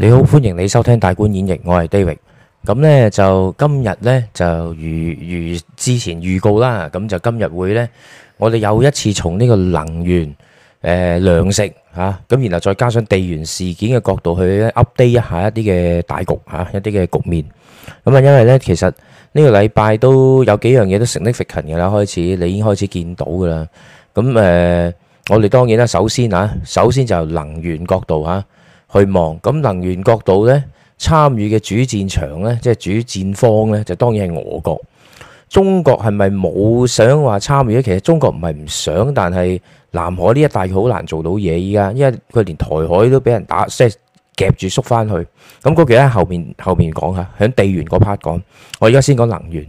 你好，歡迎你收聽大觀演繹，我係 David。咁呢，就今日呢，就如如之前預告啦，咁就今日會呢，我哋又一次從呢個能源誒糧、呃、食吓，咁然後再加上地緣事件嘅角度去 update 一下一啲嘅大局吓，一啲嘅局面。咁啊，因為呢，其實呢、這個禮拜都有幾樣嘢都成呢附近噶啦，開始你已經開始見到噶啦。咁、呃、誒，我哋當然啦，首先吓，首先就能源角度吓。去望咁能源角度咧，參與嘅主戰場咧，即係主戰方咧，就當然係俄國。中國係咪冇想話參與咧？其實中國唔係唔想，但係南海呢一帶，佢好難做到嘢依家，因為佢連台海都俾人打，即係夾住縮翻去。咁嗰期咧後邊後邊講下，喺地緣嗰 part 講。我而家先講能源。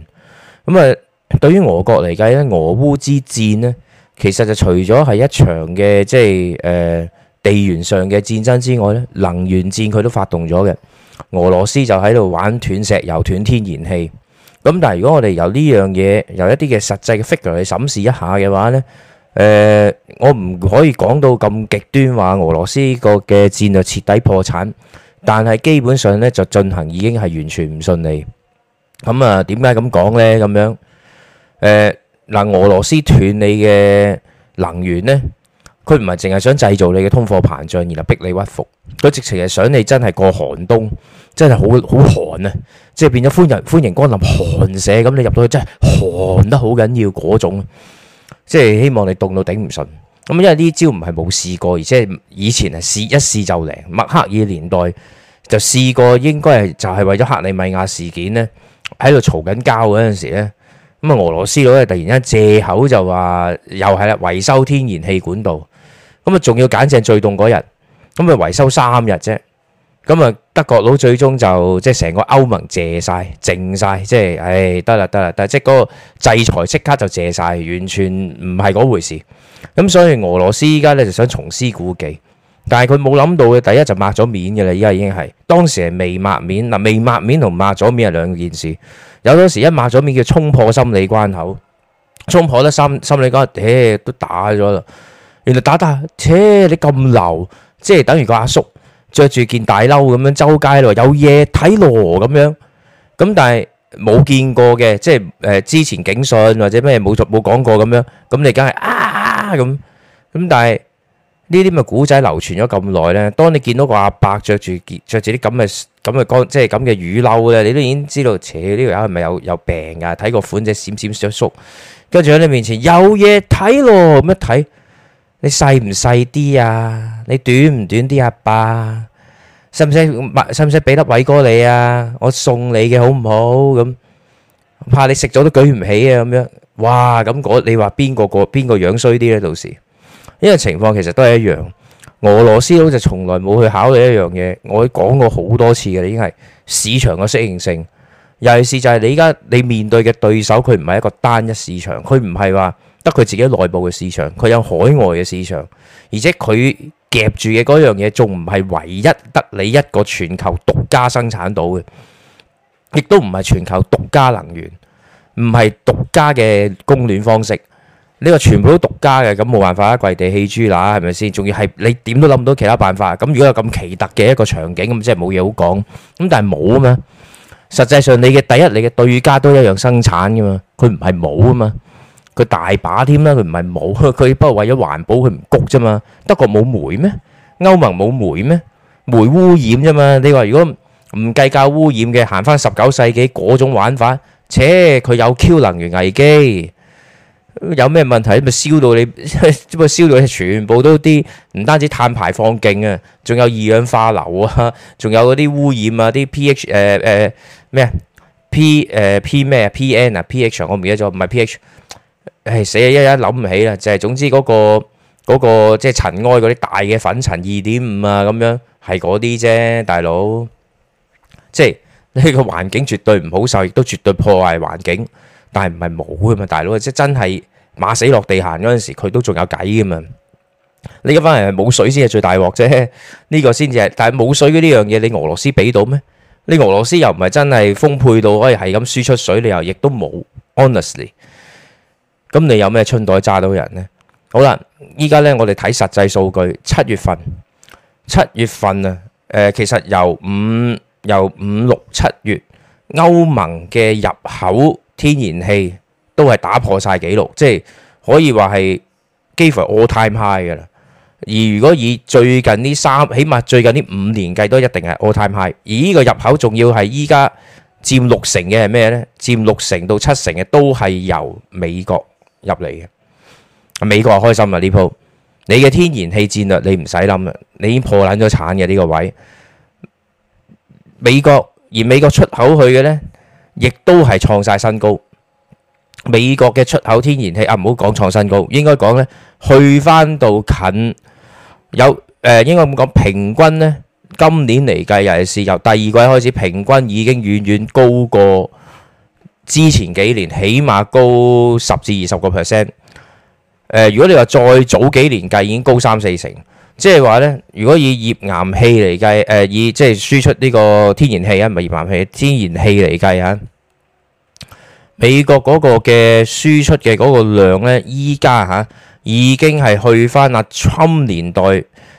咁啊，對於俄國嚟計咧，俄烏之戰咧，其實就除咗係一場嘅即係誒。呃地緣上嘅戰爭之外咧，能源戰佢都發動咗嘅。俄羅斯就喺度玩斷石油、斷天然氣。咁但係如果我哋由呢樣嘢，由一啲嘅實際嘅 figure 嚟審視一下嘅話呢誒、呃，我唔可以講到咁極端話俄羅斯個嘅戰略徹底破產，但係基本上呢，就進行已經係完全唔順利。咁、嗯、啊，點解咁講呢？咁樣，誒，嗱，俄羅斯斷你嘅能源呢？佢唔係淨係想製造你嘅通貨膨脹，然後逼你屈服。佢直情係想你真係過寒冬，真係好好寒啊！即係變咗歡迎歡迎光臨寒舍。咁你入到去真係寒得好緊要嗰種。即係希望你凍到頂唔順。咁因為呢招唔係冇試過，而且以前係試一試就靈。默克爾年代就試過，應該係就係為咗克里米亞事件呢，喺度嘈緊交嗰陣時咧，咁啊俄羅斯佬突然間借口就話又係啦，維修天然氣管道。咁啊，仲要揀正最凍嗰日，咁啊維修三日啫。咁啊，德國佬最終就即係成個歐盟借晒、淨晒，即係唉，得啦得啦。但係即係個制裁即刻就借晒，完全唔係嗰回事。咁所以俄羅斯依家咧就想重施故技，但係佢冇諗到嘅，第一就抹咗面嘅啦。依家已經係當時係未抹面嗱、啊，未抹面同抹咗面係兩件事。有陣時一抹咗面叫衝破心理關口，衝破咗心心理關口，唉、欸，都打咗啦。原來打打，切，你咁流，即係等於個阿叔着住件大褸咁樣周街咯，有嘢睇咯咁樣。咁但係冇見過嘅，即係誒之前警訊或者咩冇做冇講過咁樣。咁你梗係啊咁咁，但係呢啲咪古仔流傳咗咁耐咧。當你見到個阿伯着住件着住啲咁嘅咁嘅干，即係咁嘅雨褸咧，你都已經知道，切呢條友係咪有有病㗎？睇個款只閃閃縮縮，跟住喺你面前有嘢睇咯，咁一睇。你細唔細啲啊？你短唔短啲啊？爸，爸，使唔使買？使唔使俾粒偉哥你位啊？我送你嘅，好唔好？咁怕你食咗都舉唔起啊？咁樣哇，咁你話邊個個邊個樣衰啲呢？到時呢個情況其實都係一樣。俄羅斯佬就從來冇去考慮一樣嘢，我講過好多次嘅已經係市場嘅適應性。尤其是就係你依家你面對嘅對手，佢唔係一個單一市場，佢唔係話。得佢自己內部嘅市場，佢有海外嘅市場，而且佢夾住嘅嗰樣嘢仲唔係唯一得你一個全球獨家生產到嘅，亦都唔係全球獨家能源，唔係獨家嘅供暖方式。呢個全部都獨家嘅，咁冇辦法啊，跪地餵豬乸係咪先？仲要係你點都諗唔到其他辦法。咁如果有咁奇特嘅一個場景，咁即係冇嘢好講。咁但係冇啊嘛，實際上你嘅第一，你嘅對家都一樣生產噶嘛，佢唔係冇啊嘛。佢大把添啦，佢唔係冇，佢不過為咗環保佢唔谷啫嘛。德國冇煤咩？歐盟冇煤咩？煤污染啫嘛。你話如果唔計較污染嘅，行翻十九世紀嗰種玩法，且佢有 Q 能源危機，有咩問題咪燒到你？即 係燒到你全部都啲唔單止碳排放勁啊，仲有二氧化硫啊，仲有嗰啲污染啊，啲、呃呃、p h 誒誒咩啊 p 誒 p 咩啊 p n 啊 p h 我唔記得咗，唔係 p h。係、哎、死一一諗唔起啦，嗰個嗰個，就係總之嗰個嗰個即係塵埃嗰啲大嘅粉塵二點五啊咁樣，係嗰啲啫，大佬，即係呢、呢個環境絕對唔好受，亦都絕對破壞環境。但係唔係冇啊嘛，大佬，即真係馬死落地行嗰陣時，佢都仲有計噶嘛。你一翻嚟冇水先係最大鑊啫，呢、呢個先至係。但係冇水嗰呢樣嘢，你俄羅斯俾到咩？你俄羅斯又唔係真係豐沛到可以係咁輸出水，你又亦都冇，honestly。咁你有咩春袋揸到人呢？好啦，依家咧我哋睇實際數據，七月份七月份啊、呃，其實由五由五六七月歐盟嘅入口天然氣都係打破晒紀錄，即係可以話係幾乎 all time high 嘅啦。而如果以最近呢三，起碼最近呢五年計都一定係 all time high。而呢個入口仲要係依家佔六成嘅係咩呢？佔六成到七成嘅都係由美國。入嚟嘅，美國係開心啊呢鋪，你嘅天然氣戰略你唔使諗啦，你已經破爛咗產嘅呢個位。美國而美國出口去嘅呢，亦都係創晒新高。美國嘅出口天然氣啊，唔好講創新高，應該講呢，去翻到近有誒、呃，應該咁講，平均呢，今年嚟計尤其係由第二季開始，平均已經遠遠高過。之前幾年起碼高十至二十個 percent，誒，如果你話再早幾年計已經高三四成，即係話呢，如果以液岩氣嚟計，誒、呃，以即係輸出呢個天然氣啊，唔係液岩氣，天然氣嚟計嚇、啊，美國嗰個嘅輸出嘅嗰個量呢，依家嚇已經係去翻阿 t 年代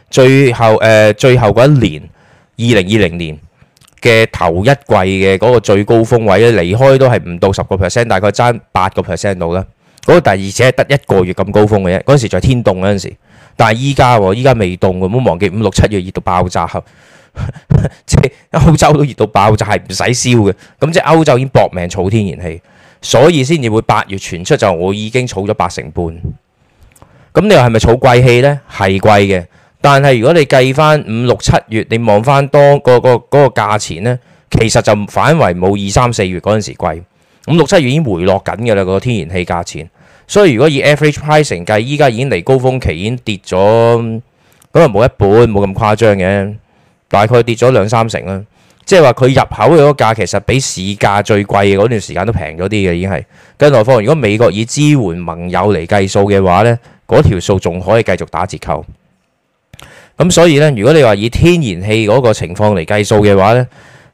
最後誒、呃、最後嗰一年，二零二零年，嘅頭一季嘅嗰個最高峰位咧，離開都係唔到十個 percent，大概爭八個 percent 到啦。嗰個第二隻係得一個月咁高峰嘅啫，嗰陣時仲天凍嗰陣時。但係依家，依家未凍咁，唔好忘記五六七月熱到爆炸，即係歐洲都熱到爆炸，係唔使燒嘅。咁即係歐洲已經搏命儲天然氣，所以先至會八月傳出就我已經儲咗八成半。咁你話係咪儲貴氣呢？係貴嘅。但係如果你計翻五六七月，你望翻當、個個嗰、個價錢咧，其實就反為冇二三四月嗰陣時貴。五六七月已經回落緊嘅啦，個天然氣價錢。所以如果以 Average Price 嚟計，依家已經嚟高峰期已經跌咗，咁啊冇一半冇咁誇張嘅，大概跌咗兩三成啦。即係話佢入口嘅嗰價其實比市價最貴嗰段時間都平咗啲嘅，已經係更何況，如果美國以支援盟友嚟計數嘅話呢，嗰條數仲可以繼續打折扣。咁所以咧，如果你話以天然氣嗰個情況嚟計數嘅話咧，誒、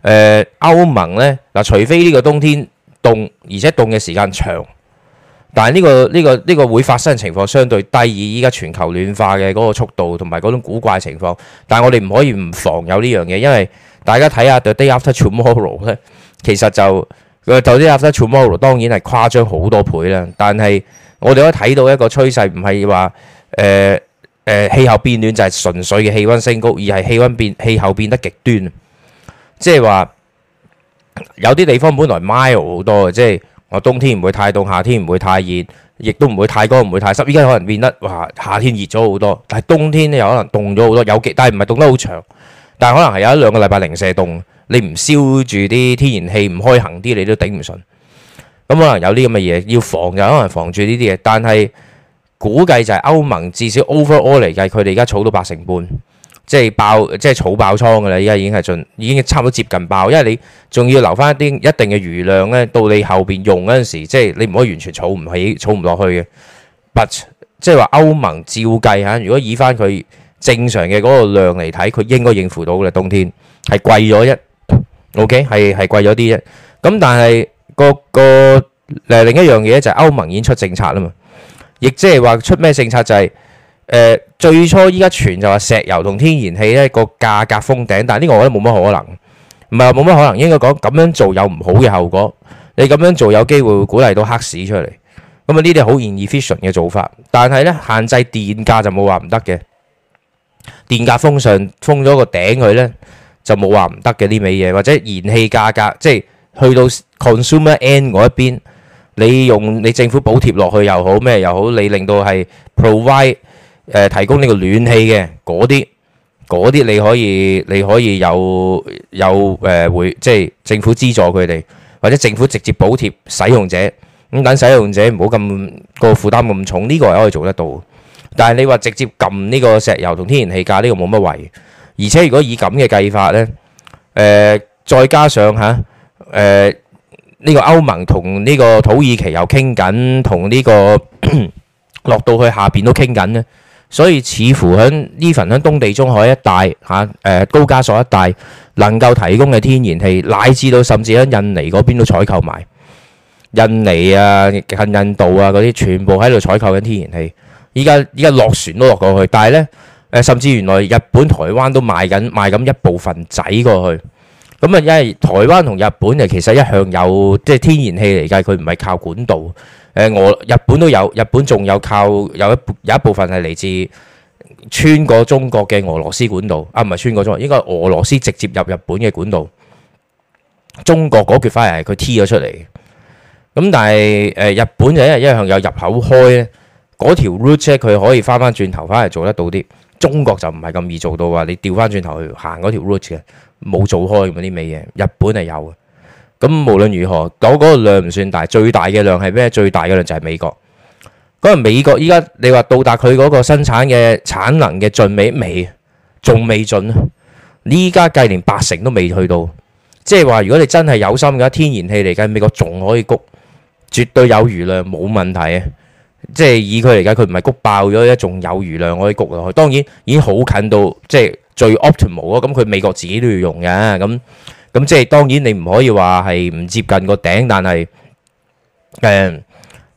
呃、歐盟咧嗱，除非呢個冬天凍，而且凍嘅時間長，但係呢個呢個呢個會發生嘅情況相對低。以依家全球暖化嘅嗰個速度同埋嗰種古怪情況，但係我哋唔可以唔防有呢樣嘢，因為大家睇下 The Day After Tomorrow 咧，其實就 The Day After Tomorrow 當然係誇張好多倍啦。但係我哋可以睇到一個趨勢，唔係話誒。誒、氣候變暖就係純粹嘅氣温升高，而係氣温變氣候變得極端，即係話有啲地方本來 mile 好多嘅，即係我冬天唔會太凍，夏天唔會太熱，亦都唔會太乾，唔會太濕。依家可能變得哇夏天熱咗好多，但係冬天又可能凍咗好多。有極但係唔係凍得好長，但係可能係有一兩個禮拜零舍凍，你唔燒住啲天然氣，唔開行啲，你都頂唔順。咁可能有啲咁嘅嘢要防，就可能防住呢啲嘢，但係。估計就係歐盟至少 overall 嚟計，佢哋而家儲到八成半，即係爆，即係儲爆倉嘅啦。而家已經係盡，已經差唔多接近爆，因為你仲要留翻一啲一定嘅餘量咧，到你後邊用嗰陣時，即係你唔可以完全儲唔起、儲唔落去嘅。But 即係話歐盟照計吓，如果以翻佢正常嘅嗰個量嚟睇，佢應該應付到嘅冬天係貴咗一 OK，係係貴咗啲啫。咁但係個個誒另一樣嘢就係歐盟已經出政策啦嘛。亦即係話出咩政策就係、是，誒、呃、最初依家傳就話石油同天然氣咧個價格封頂，但係呢個我覺得冇乜可能，唔係冇乜可能，應該講咁樣做有唔好嘅後果，你咁樣做有機會會鼓勵到黑市出嚟，咁啊呢啲好 inefficient 嘅做法，但係咧限制電價就冇話唔得嘅，電價封上封咗個頂佢咧就冇話唔得嘅呢味嘢，或者燃氣價格即係去到 consumer end 嗰一邊。你用你政府補貼落去又好咩又好，你令到係 provide 誒、呃、提供呢個暖氣嘅嗰啲嗰啲你可以你可以有有誒、呃、會即係政府資助佢哋，或者政府直接補貼使用者咁等使用者唔好咁個負擔咁重，呢、這個係可以做得到。但係你話直接撳呢個石油同天然氣價呢、這個冇乜謂，而且如果以咁嘅計法呢，誒、呃、再加上嚇誒。啊呃呢個歐盟同呢個土耳其又傾緊，同呢個咳咳落到去下邊都傾緊呢，所以似乎喺呢份喺東地中海一帶嚇，誒、啊呃、高加索一帶能夠提供嘅天然氣，乃至到甚至喺印尼嗰邊都採購埋，印尼啊近印度啊嗰啲全部喺度採購緊天然氣，依家依家落船都落過去，但係呢，誒、呃，甚至原來日本台灣都賣緊賣緊一部分仔過去。咁啊，因為台灣同日本誒，其實一向有即係、就是、天然氣嚟㗎，佢唔係靠管道。誒，俄日本都有，日本仲有靠有一有一部分係嚟自穿過中國嘅俄羅斯管道。啊，唔係穿過中國，應該係俄羅斯直接入日本嘅管道。中國嗰橛花係佢踢咗出嚟嘅。咁但係誒、呃，日本就因為一向有入口開咧，嗰條 route 佢可以翻翻轉頭翻嚟做得到啲。中國就唔係咁易做到啊。你調翻轉頭去行嗰條 route 嘅。冇做開咁嗰啲尾嘢，日本係有嘅。咁無論如何，講嗰個量唔算大，最大嘅量係咩？最大嘅量就係美國。嗰個美國依家你話到達佢嗰個生產嘅產能嘅盡尾未，仲未盡啊！依家計連八成都未去到，即係話如果你真係有心嘅，天然氣嚟計美國仲可以谷，絕對有餘量，冇問題啊！即係以佢嚟計，佢唔係谷爆咗一，仲有餘量可以谷落去。當然已經好近到，即係。最 optimal 咯，咁佢美國自己都要用嘅，咁咁即係當然你唔可以話係唔接近個頂，但係誒、呃、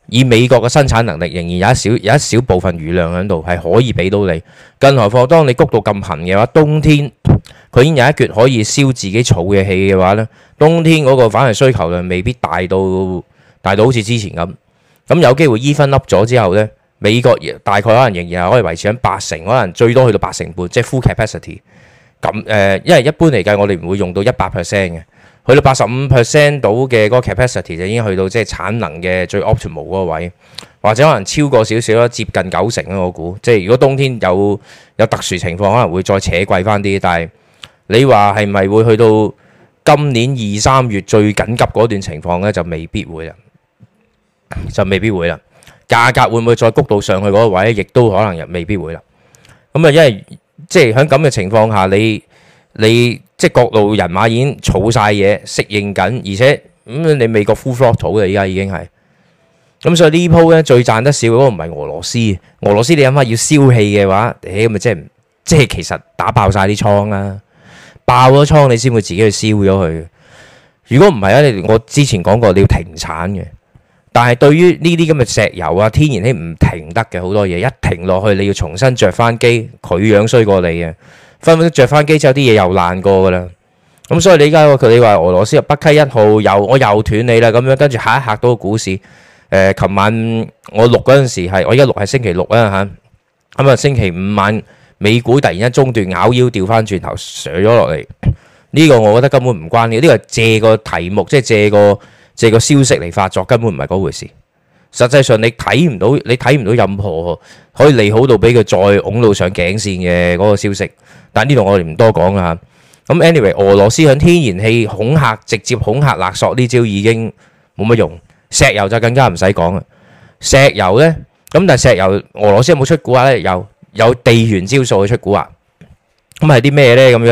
以美國嘅生產能力，仍然有一少有一少部分餘量喺度，係可以俾到你。更何況當你谷到咁痕嘅話，冬天佢已經有一橛可以燒自己儲嘅氣嘅話咧，冬天嗰個反而需求量未必大到大到好似之前咁，咁有機會依分粒咗之後呢。美國大概可能仍然係可以維持喺八成，可能最多去到八成半，即係 full capacity。咁誒，因為一般嚟計，我哋唔會用到一百 percent 嘅，去到八十五 percent 到嘅嗰個 capacity 就已經去到即係產能嘅最 optimal 嗰個位，或者可能超過少少啦，接近九成啦。我估，即係如果冬天有有特殊情況，可能會再扯貴翻啲。但係你話係咪會去到今年二三月最緊急嗰段情況呢？就未必會啦，就未必會啦。價格會唔會再谷到上去嗰個位，亦都可能又未必會啦。咁啊，因為即係喺咁嘅情況下，你你即係、就是、各路人馬已經儲晒嘢，適應緊，而且咁、嗯、你美國 full flood 儲嘅，依家已經係。咁所以呢鋪呢，最賺得少嗰個唔係俄羅斯，俄羅斯你諗下要燒氣嘅話，誒咁咪即係即係其實打爆晒啲倉啦、啊，爆咗倉你先會自己去燒咗佢。如果唔係咧，我之前講過你要停產嘅。但係對於呢啲咁嘅石油啊、天然氣唔停得嘅好多嘢，一停落去你要重新着翻機，佢樣衰過你啊！分分鐘着翻機，之後啲嘢又爛過噶啦。咁、嗯、所以你而家佢你話俄羅斯北溪一號又我又斷你啦，咁樣跟住嚇一嚇到個股市。誒、呃，琴晚我錄嗰陣時係我而家錄係星期六啊。嚇、嗯，咁啊星期五晚美股突然間中斷，咬腰掉翻轉頭上咗落嚟。呢、呢個我覺得根本唔關嘅，呢個係借個題目，即係借個。借個消息嚟發作，根本唔係嗰回事。實際上你睇唔到，你睇唔到任何可以利好到俾佢再拱到上頸線嘅嗰個消息。但呢度我哋唔多講啦。咁 anyway，俄羅斯響天然氣恐嚇、直接恐嚇勒索呢招已經冇乜用，石油就更加唔使講啦。石油呢，咁但係石油俄羅斯有冇出蠱惑呢？有有地緣招數去出蠱惑啊？咁係啲咩呢？咁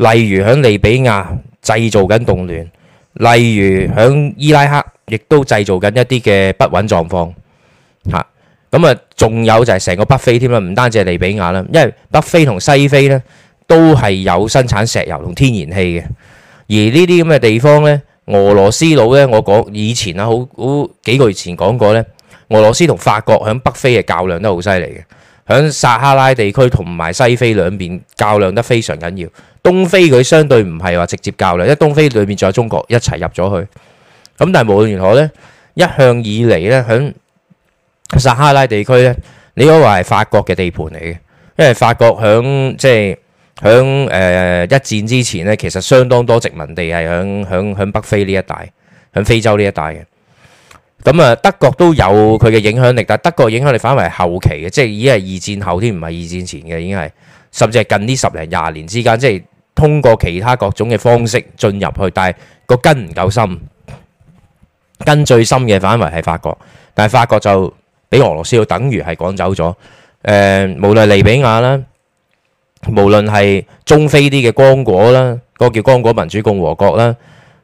樣，例如響利比亞製造緊動亂。例如喺伊拉克，亦都製造緊一啲嘅不穩狀況嚇，咁、嗯、啊，仲有就係成個北非添啦，唔單止係利比亞啦，因為北非同西非咧都係有生產石油同天然氣嘅，而呢啲咁嘅地方咧，俄羅斯佬咧，我講以前啊，好好幾個月前講過咧，俄羅斯同法國喺北非嘅較量都好犀利嘅，喺撒哈拉地區同埋西非兩邊較量得非常緊要。東非佢相對唔係話直接教嘅，因為東非裏面仲有中國一齊入咗去。咁但係無論如何呢，一向以嚟呢，喺撒哈拉地區呢，你可話係法國嘅地盤嚟嘅，因為法國響即係響誒一戰之前呢，其實相當多殖民地係響響響北非呢一帶，響非洲呢一帶嘅。咁、嗯、啊，德國都有佢嘅影響力，但德國嘅影響力反為後期嘅，即係已經係二戰後添，唔係二戰前嘅，已經係甚至係近呢十零廿年之間，即係。通過其他各種嘅方式進入去，但係個根唔夠深，根最深嘅範圍係法國，但係法國就俾俄羅斯就等於係趕走咗。誒、呃，無論利比亞啦，無論係中非啲嘅剛果啦，嗰個叫剛果民主共和國啦，誒、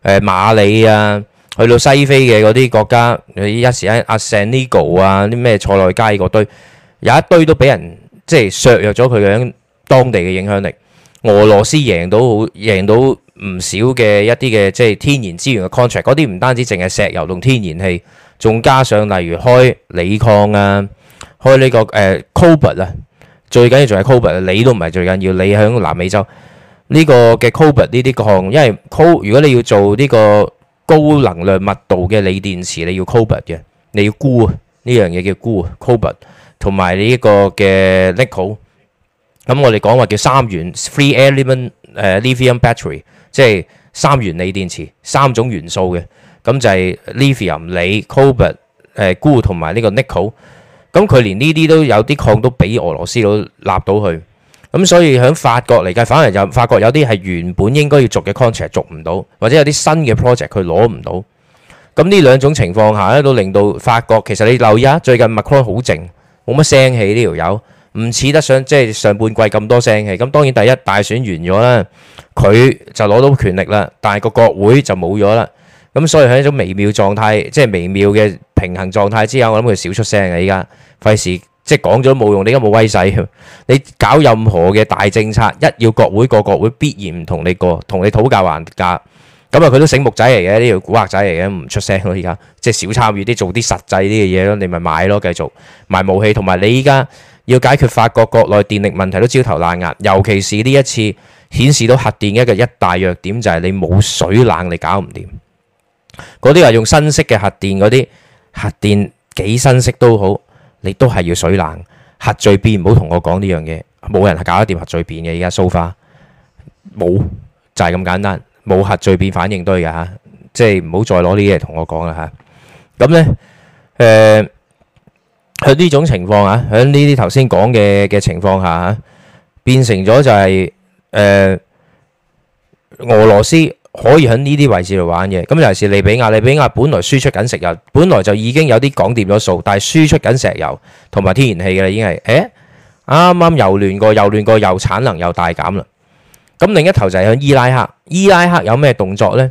呃、馬里啊，去到西非嘅嗰啲國家，一時一阿聖尼哥啊，啲咩塞內加爾嗰堆，有一堆都俾人即係削弱咗佢嘅當地嘅影響力。俄羅斯贏到好贏到唔少嘅一啲嘅即係天然資源嘅 contract，嗰啲唔單止淨係石油同天然氣，仲加上例如開鋰礦啊，開呢、這個誒、呃、cobalt 啊，最緊要仲係 cobalt 啊，鋰都唔係最緊要，你響南美洲呢、這個嘅 cobalt 呢啲礦，因為 c o 如果你要做呢個高能量密度嘅鋰電池，你要 cobalt 嘅，你要沽啊，呢樣嘢叫沽啊，cobalt 同埋呢個嘅 nickel 咁我哋講話叫三元 three element 誒 lithium battery，即係三元鋰電池，三種元素嘅，咁就係 lithium、鋰、cobalt、誒鈷同埋呢個 nickel。咁佢連呢啲都有啲礦都俾俄羅斯佬納到去，咁所以喺法國嚟計，反而就法國有啲係原本應該要續嘅 contract 續唔到，或者有啲新嘅 project 佢攞唔到。咁呢兩種情況下，都令到法國其實你留意下，最近 Macron 好靜，冇乜聲氣呢條友。唔似得上即係上半季咁多聲氣咁，當然第一大選完咗啦，佢就攞到權力啦，但係個國會就冇咗啦。咁所以喺一種微妙狀態，即係微妙嘅平衡狀態之下，我諗佢少出聲啊。依家費事即係講咗都冇用，你依家冇威勢，你搞任何嘅大政策，一要國會過國會，必然唔同你過，同你討價還價咁啊。佢都醒目仔嚟嘅，呢條古惑仔嚟嘅，唔出聲咯。依家即係少參與啲做啲實際啲嘅嘢咯，你咪買咯，繼續賣武器，同埋你依家。要解決法國國內電力問題都焦頭爛額，尤其是呢一次顯示到核電嘅一個一大弱點，就係你冇水冷，你搞唔掂嗰啲話用新式嘅核電，嗰啲核電幾新式都好，你都係要水冷。核聚變唔好同我講呢樣嘢，冇人係搞得掂核聚變嘅。而家蘇化冇就係咁簡單，冇核聚變反應堆嘅吓，即係唔好再攞呢啲嘢同我講啦吓。咁呢誒？喺呢種情況吓，喺呢啲頭先講嘅嘅情況下吓，變成咗就係誒，俄羅斯可以喺呢啲位置度玩嘢。咁尤其是利比亞，利比亞本來輸出緊石油，本來就已經有啲講掂咗數，但係輸出緊石油同埋天然氣嘅啦，已經係誒，啱啱又亂過，又亂過，又產能又大減啦。咁另一頭就係喺伊拉克，伊拉克有咩動作呢？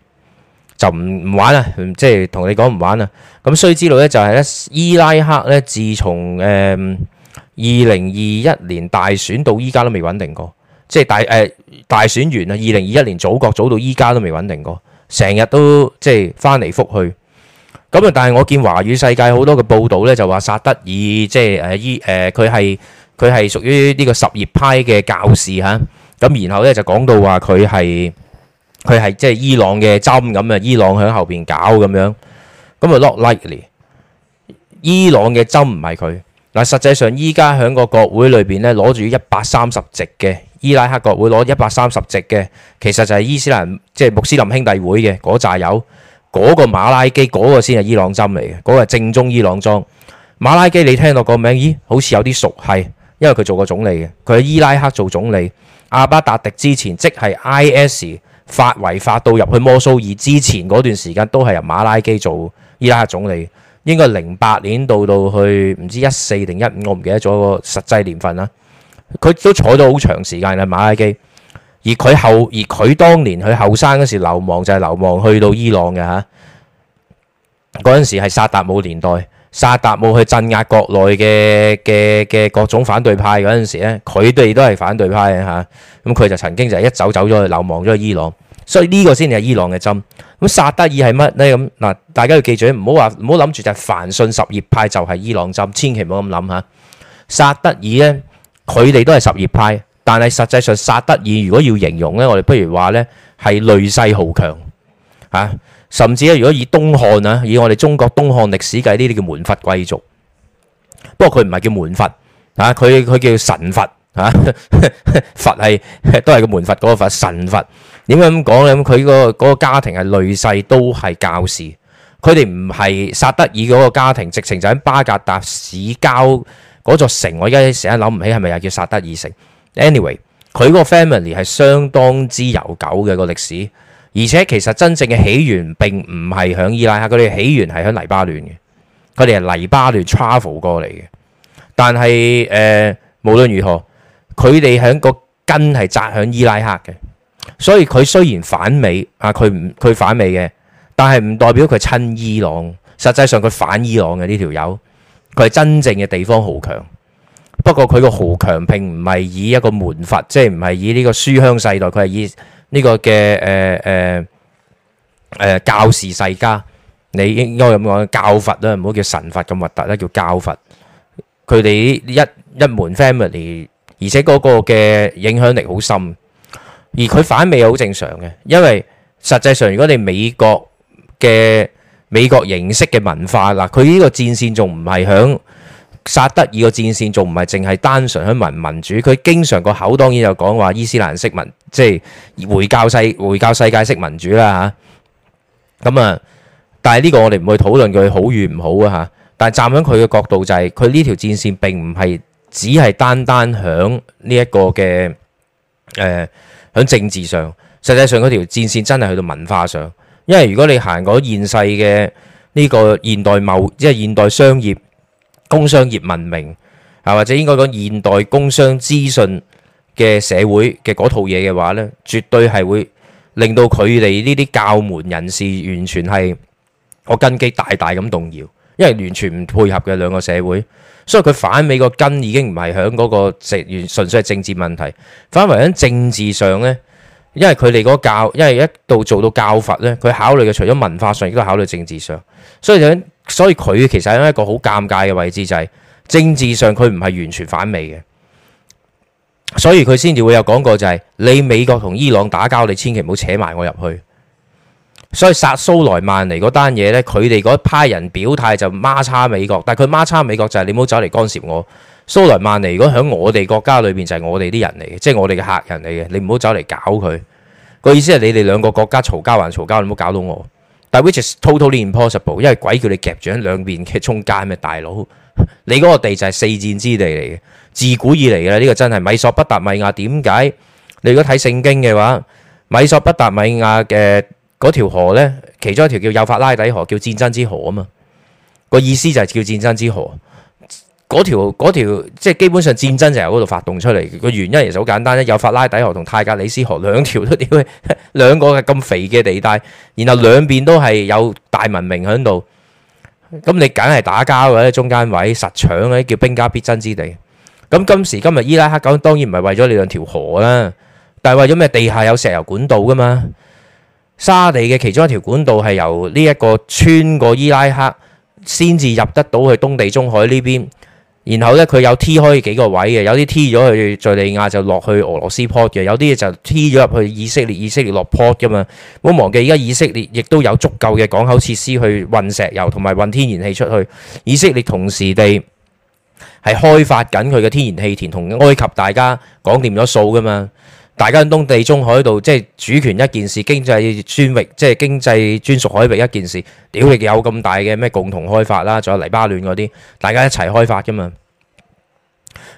就唔唔玩啦，即係同你講唔玩啦。咁需知道呢就係呢，伊拉克呢，自從誒二零二一年大選到依家都未穩定過，即係大誒、呃、大選完啊，二零二一年祖國早到依家都未穩定過，成日都即係翻嚟覆去。咁啊，但係我見華語世界好多嘅報道呢，就話薩德爾即係誒依誒佢係佢係屬於呢個什葉派嘅教士吓。咁、啊、然後呢，就講到話佢係佢係即係伊朗嘅針咁啊！伊朗喺後邊搞咁樣，咁啊，not likely。伊朗嘅針唔係佢，嗱實際上依家喺個國會裏邊咧，攞住一百三十席嘅伊拉克國會攞一百三十席嘅，其實就係伊斯蘭即係穆斯林兄弟會嘅嗰扎友，嗰個馬拉基嗰個先係伊朗針嚟嘅，嗰個係正宗伊朗裝馬拉基。你聽到個名，咦？好似有啲熟係，因為佢做過總理嘅，佢喺伊拉克做總理阿巴達迪之前，即係 IS 法維法到入去摩蘇爾之前嗰段時間，都係由馬拉基做伊拉克總理，應該係零八年到到去唔知 14, 2015, 一四定一五，我唔記得咗個實際年份啦。佢都坐咗好長時間嘅馬拉基，而佢後而佢當年佢後生嗰時流亡就係流亡去到伊朗嘅嚇，嗰陣時係薩達姆年代。薩達姆去鎮壓國內嘅嘅嘅各種反對派嗰陣時咧，佢哋都係反對派嘅吓，咁、嗯、佢就曾經就一走走咗去流亡咗去伊朗，所以呢個先係伊朗嘅針。咁、嗯、薩德爾係乜咧咁嗱？大家要記住，唔好話唔好諗住就凡信什葉派就係伊朗針，千祈唔好咁諗吓。薩德爾咧，佢哋都係什葉派，但係實際上薩德爾如果要形容咧，我哋不如話咧係累世豪強吓。嗯甚至咧，如果以東漢啊，以我哋中國東漢歷史計，呢啲叫門閥貴族。不過佢唔係叫門閥，啊，佢佢叫神閥。啊， 佛係都係個門閥，嗰個佛，神閥。點解咁講咧？咁佢、嗰個、嗰個家庭係累世都係教士，佢哋唔係薩德爾嗰個家庭，直情就喺巴格達市郊嗰座城。我而家成日諗唔起係咪又叫薩德爾城。Anyway，佢個 family 係相當之悠久嘅、嗰個歷史。而且其實真正嘅起源並唔係喺伊拉克，佢哋嘅起源係喺黎巴嫩嘅，佢哋係黎巴嫩 travel 過嚟嘅。但係誒、呃，無論如何，佢哋喺個根係紮喺伊拉克嘅，所以佢雖然反美啊，佢唔佢反美嘅，但係唔代表佢親伊朗。實際上佢反伊朗嘅呢條友，佢、這、係、個、真正嘅地方豪強。不過佢個豪強並唔係以一個門閥，即係唔係以呢個書香世代，佢係以，呢個嘅誒誒誒教士世家，你應該咁講教佛啦，唔好叫神佛咁核突啦，叫教佛。佢哋一一門 family，而且嗰個嘅影響力好深，而佢反美好正常嘅，因為實際上如果你美國嘅美國形式嘅文化嗱，佢呢個戰線仲唔係響。薩德爾個戰線仲唔係淨係單純喺民民主，佢經常個口當然就講話伊斯蘭式民，即係回教世回教世界式民主啦吓。咁啊，但係呢個我哋唔會討論佢好與唔好啊吓。但係站喺佢嘅角度就係、是，佢呢條戰線並唔係只係單單響呢一個嘅誒響政治上，實際上嗰條戰線真係去到文化上。因為如果你行過現世嘅呢個現代貿，即係現代商業。工商業文明，啊或者應該講現代工商資訊嘅社會嘅嗰套嘢嘅話咧，絕對係會令到佢哋呢啲教門人士完全係我根基大大咁動搖，因為完全唔配合嘅兩個社會，所以佢反美個根已經唔係喺嗰個政純粹係政治問題，反而喺政治上咧，因為佢哋嗰教，因為一度做到教法咧，佢考慮嘅除咗文化上，亦都考慮政治上，所以就。所以佢其實喺一個好尷尬嘅位置，就係政治上佢唔係完全反美嘅，所以佢先至會有講過，就係你美國同伊朗打交，你千祈唔好扯埋我入去。所以殺蘇萊曼尼嗰單嘢呢，佢哋嗰一批人表態就孖叉美國，但佢孖叉美國就係你唔好走嚟干涉我。蘇萊曼尼如果響我哋國家裏面就係我哋啲人嚟嘅，即係我哋嘅客人嚟嘅，你唔好走嚟搞佢。個意思係你哋兩個國家嘈交還嘈交，你唔好搞到我。但 which is totally impossible，因為鬼叫你夾住喺兩邊嘅中間咩大佬？你嗰個地就係四戰之地嚟嘅，自古以嚟嘅呢個真係米索不達米亞。點解你如果睇聖經嘅話，米索不達米亞嘅嗰條河呢，其中一條叫幼發拉底河，叫戰爭之河啊嘛。個意思就係叫戰爭之河。嗰條嗰條，即係基本上戰爭就由嗰度發動出嚟。個原因其實好簡單咧，幼發拉底河同泰格里斯河兩條都點， 兩個係咁肥嘅地帶，然後兩邊都係有大文明響度，咁你梗係打交嘅啦。中間位實搶，嗰啲叫兵家必爭之地。咁今時今日伊拉克咁，當然唔係爲咗你兩條河啦，但係爲咗咩？地下有石油管道噶嘛，沙地嘅其中一條管道係由呢一個穿過伊拉克，先至入得到去東地中海呢邊。然後咧，佢有 T 開幾個位嘅，有啲 T 咗去敘利亞就落去俄羅斯 port 嘅，有啲就 T 咗入去以色列，以色列落 port 噶嘛。唔好忘記，而家以色列亦都有足夠嘅港口設施去運石油同埋運天然氣出去。以色列同時地係開發緊佢嘅天然氣田，同埃及大家講掂咗數噶嘛。大家喺東地中海度，即係主權一件事，經濟專域，即係經濟專屬海域一件事。屌，亦有咁大嘅咩共同開發啦，仲有黎巴嫩嗰啲，大家一齊開發噶嘛？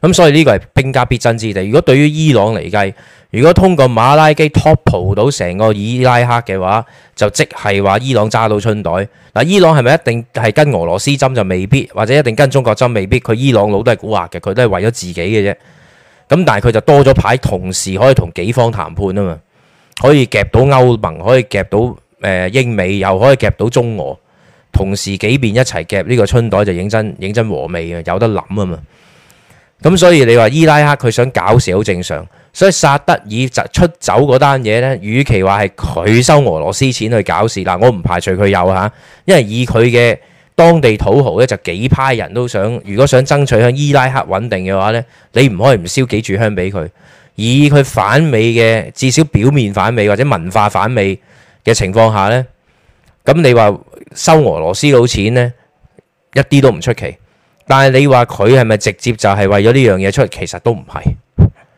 咁所以呢個係兵家必爭之地。如果對於伊朗嚟計，如果通過馬拉基 top 到成個伊拉克嘅話，就即係話伊朗揸到春袋。嗱，伊朗係咪一定係跟俄羅斯爭就未必，或者一定跟中國爭未必？佢伊朗佬都係古惑嘅，佢都係為咗自己嘅啫。咁但係佢就多咗牌，同時可以同幾方談判啊嘛，可以夾到歐盟，可以夾到誒、呃、英美，又可以夾到中俄，同時幾邊一齊夾呢個春袋就認真認真和味啊，有得諗啊嘛。咁、嗯、所以你話伊拉克佢想搞事好正常，所以薩德爾出走嗰單嘢呢，與其話係佢收俄羅斯錢去搞事，嗱我唔排除佢有吓，因為以佢嘅。當地土豪咧，就幾派人都想，如果想爭取向伊拉克穩定嘅話呢，你唔可以唔燒幾炷香俾佢，以佢反美嘅，至少表面反美或者文化反美嘅情況下呢，咁你話收俄羅斯佬錢呢，一啲都唔出奇，但係你話佢係咪直接就係為咗呢樣嘢出，其實都唔係。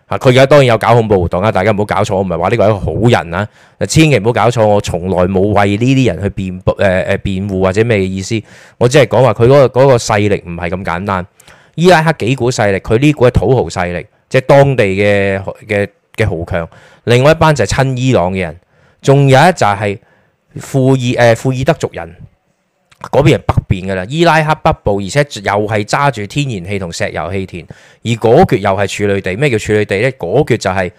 啊！佢而家當然有搞恐怖活動啊！大家唔好搞錯，我唔係話呢個係一個好人啊！千祈唔好搞錯，我從來冇為呢啲人去辯誒誒、呃、辯護或者咩意思。我只係講話佢嗰個嗰個勢力唔係咁簡單。伊拉克幾股勢力，佢呢股係土豪勢力，即係當地嘅嘅嘅豪強。另外一班就係親伊朗嘅人，仲有一就係庫爾誒庫爾德族人。嗰邊係北邊嘅啦，伊拉克北部，而且又係揸住天然氣同石油氣田，而嗰橛又係處女地。咩叫處女地呢？嗰橛就係、是、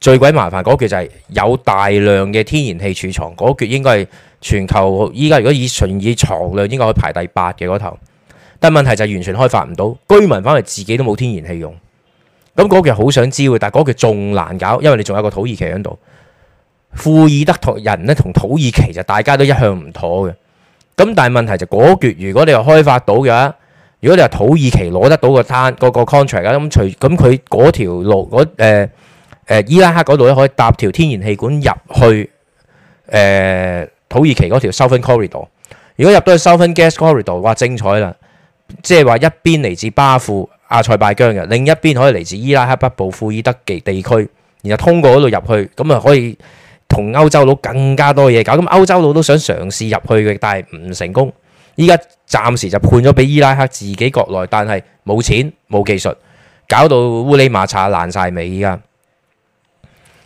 最鬼麻煩、就是，嗰橛就係有大量嘅天然氣儲藏，嗰橛應該係全球依家如果以存以藏量，應該可以排第八嘅嗰頭。但問題就係完全開發唔到，居民反而自己都冇天然氣用。咁嗰橛好想知道，但嗰橛仲難搞，因為你仲有個土耳其喺度。庫爾德同人呢，同土耳其就大家都一向唔妥嘅。咁但係問題就果決，如果你又開發到嘅，如果你係土耳其攞得到個單、嗰個 contract 咁除咁佢嗰條路嗰誒、呃呃、伊拉克嗰度咧，可以搭條天然氣管入去誒、呃、土耳其嗰條 Southern Corridor。如果入到去 Southern Gas Corridor，哇，精彩啦！即係話一邊嚟自巴庫阿塞拜疆嘅，另一邊可以嚟自伊拉克北部庫爾德地地區，然後通過嗰度入去，咁啊可以。同歐洲佬更加多嘢搞，咁歐洲佬都想嘗試入去嘅，但係唔成功。依家暫時就判咗俾伊拉克自己國內，但係冇錢冇技術，搞到烏里馬查爛晒尾依家。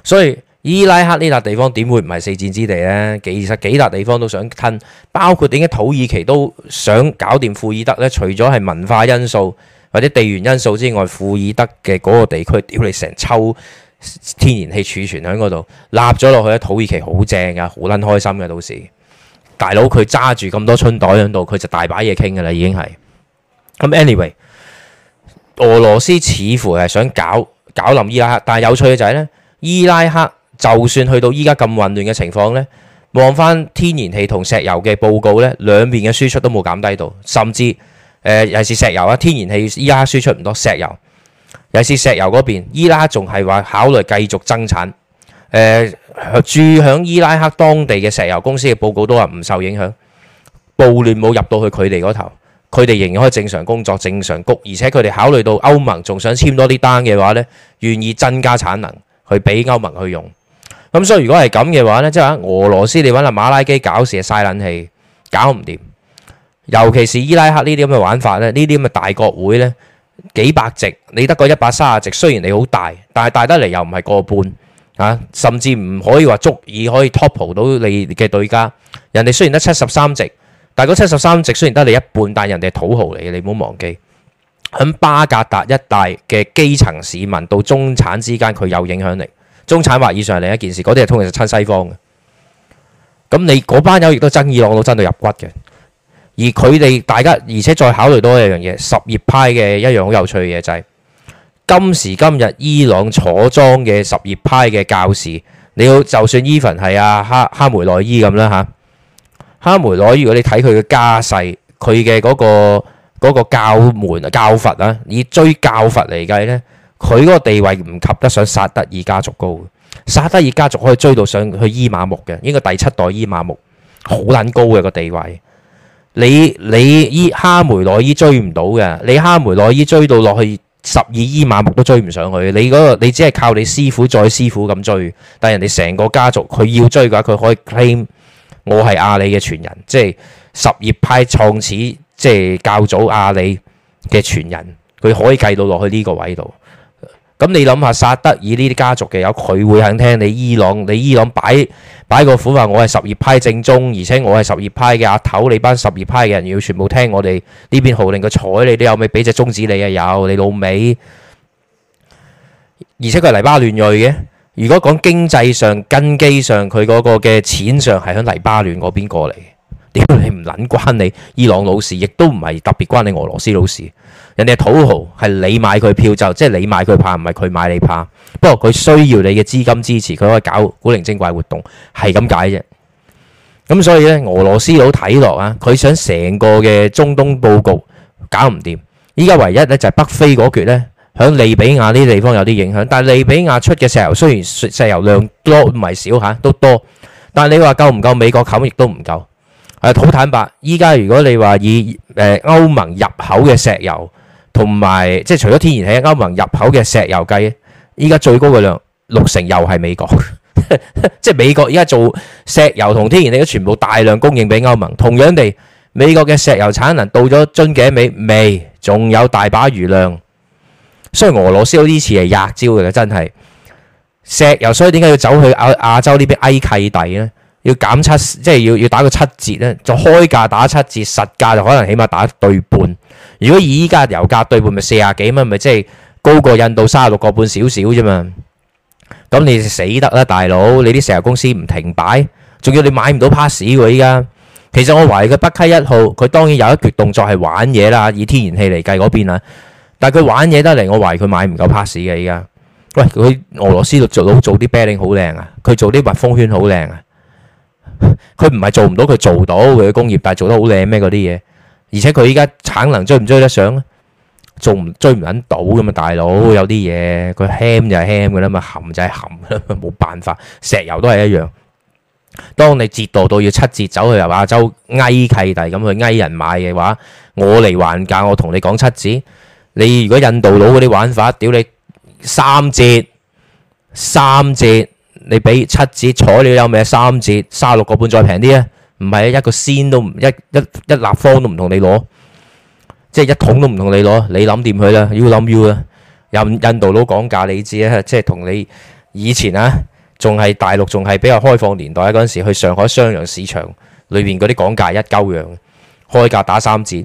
所以伊拉克呢笪地方點會唔係四戰之地呢？其實幾笪地方都想吞，包括點解土耳其都想搞掂庫爾德呢？除咗係文化因素或者地緣因素之外，庫爾德嘅嗰個地區屌你成抽。天然氣儲存喺嗰度，納咗落去咧，土耳其好正噶、啊，好捻開心嘅、啊，到時大佬佢揸住咁多春袋喺度，佢就大把嘢傾噶啦，已經係。咁 anyway，俄羅斯似乎係想搞搞冧伊拉克，但係有趣嘅就係呢：伊拉克就算去到依家咁混亂嘅情況呢，望翻天然氣同石油嘅報告呢，兩邊嘅輸出都冇減低到，甚至誒、呃、尤其是石油啊，天然氣依家輸出唔多，石油。尤其是石油嗰邊，伊拉克仲係話考慮繼續增產。誒、呃，住響伊拉克當地嘅石油公司嘅報告都話唔受影響，暴亂冇入到去佢哋嗰頭，佢哋仍然可以正常工作、正常谷，而且佢哋考慮到歐盟仲想簽多啲單嘅話呢，願意增加產能去俾歐盟去用。咁所以如果係咁嘅話呢，即係話俄羅斯你揾阿馬拉基搞事嘅嘥卵氣，搞唔掂。尤其是伊拉克呢啲咁嘅玩法咧，呢啲咁嘅大國會呢。幾百席，你得個一百三十席，雖然你好大，但係大得嚟又唔係過半啊，甚至唔可以話足以可以 topple 到你嘅對家。人哋雖然得七十三席，但係嗰七十三席雖然得你一半，但係人哋係土豪嚟嘅，你唔好忘記。喺巴格達一帶嘅基層市民到中產之間，佢有影響力。中產或以上係另一件事，嗰啲係通常就親西方嘅。咁你嗰班友亦都爭議我到爭到入骨嘅。而佢哋大家，而且再考慮多一樣嘢，什葉派嘅一樣好有趣嘅嘢就係、是、今時今日伊朗坐莊嘅什葉派嘅教士，你要就算 even 係阿哈哈梅內伊咁啦嚇，哈梅內伊，梅內伊，梅內伊如果你睇佢嘅家世，佢嘅嗰個教門教法，啊，以追教法嚟計呢，佢嗰個地位唔及得上薩德爾家族高，薩德爾家族可以追到上去伊馬木嘅，應該第七代伊馬木好撚高嘅，那個地位。你你伊哈梅內伊追唔到嘅，你哈梅內伊，伊追到落去十二伊瑪目都追唔上去，你嗰、那個你只係靠你師傅再師傅咁追，但係人哋成個家族佢要追嘅話，佢可以 claim 我係阿里嘅傳人，即係什葉派創始即係教祖阿里嘅傳人，佢可以計到落去呢個位度。咁你諗下薩德爾呢啲家族嘅，有佢會肯聽你伊朗？你伊朗擺擺個款話，我係十二派正宗，而且我係十二派嘅阿頭，你班十二派嘅人要全部聽我哋呢邊號令嘅彩，你都有咪俾隻宗旨你啊？有你老味。而且佢係黎巴嫩裔嘅，如果講經濟上、根基上、佢嗰個嘅錢上係喺黎巴嫩嗰邊過嚟，屌你唔捻關你伊朗老事，亦都唔係特別關你俄羅斯老事。人哋係土豪，係你買佢票就即係你買佢怕，唔係佢買你怕。不過佢需要你嘅資金支持，佢可以搞古靈精怪活動，係咁解啫。咁所以呢，俄羅斯佬睇落啊，佢想成個嘅中東佈局搞唔掂。依家唯一呢，就係北非嗰橛呢，響利比亞呢地方有啲影響。但係利比亞出嘅石油雖然石油量多唔係少嚇，都多。但係你話夠唔夠美國冚，亦都唔夠。誒、啊、好坦白，依家如果你話以誒、呃、歐盟入口嘅石油，同埋即係除咗天然氣，歐盟入口嘅石油計，依家最高嘅量六成又係美國， 即係美國依家做石油同天然氣都全部大量供應俾歐盟。同樣地，美國嘅石油產能到咗樽頸尾，未仲有，有大把餘量。所以俄羅斯好呢次係壓招嘅，真係石油。所以點解要走去亞亞洲呢邊挨契弟呢？要減七，即係要要打個七折呢？就開價打七折，實價就可能起碼打對半。如果以依家油價對半，咪四十幾蚊，咪即係高過印度卅六個半少少啫嘛。咁你死得啦，大佬！你啲石油公司唔停擺，仲要你買唔到 pass 喎依家。其實我懷疑佢北溪一號，佢當然有一決動作係玩嘢啦，以天然氣嚟計嗰邊啊。但佢玩嘢得嚟，我懷疑佢買唔夠 pass 嘅依家。喂，佢俄羅斯度做到做啲 bearing 好靚啊，佢做啲密封圈好靚啊。佢唔係做唔到，佢做到佢嘅工業，但係做得好靚咩嗰啲嘢。而且佢依家產能追唔追得上咧？仲唔追唔揾到咁啊！大佬，有啲嘢佢輕就係輕噶啦嘛，冚就係冚，冇辦法。石油都係一樣。當你折墮到要七折走去由亞洲埃契弟咁去埃人買嘅話，我嚟還價。我同你講七折。你如果印度佬嗰啲玩法，屌你三折，三折你俾七折，睬你有咩三折？三六個半再平啲啊！唔係啊！一個先都唔一一,一立方都唔同你攞，即係一桶都唔同你攞。你諗掂佢啦，要諗要啦。印印度佬講價，你知啊，即係同你以前啊，仲係大陸仲係比較開放年代啊嗰陣時，去上海襄陽市場裏邊嗰啲講價一鳩樣，開價打三折，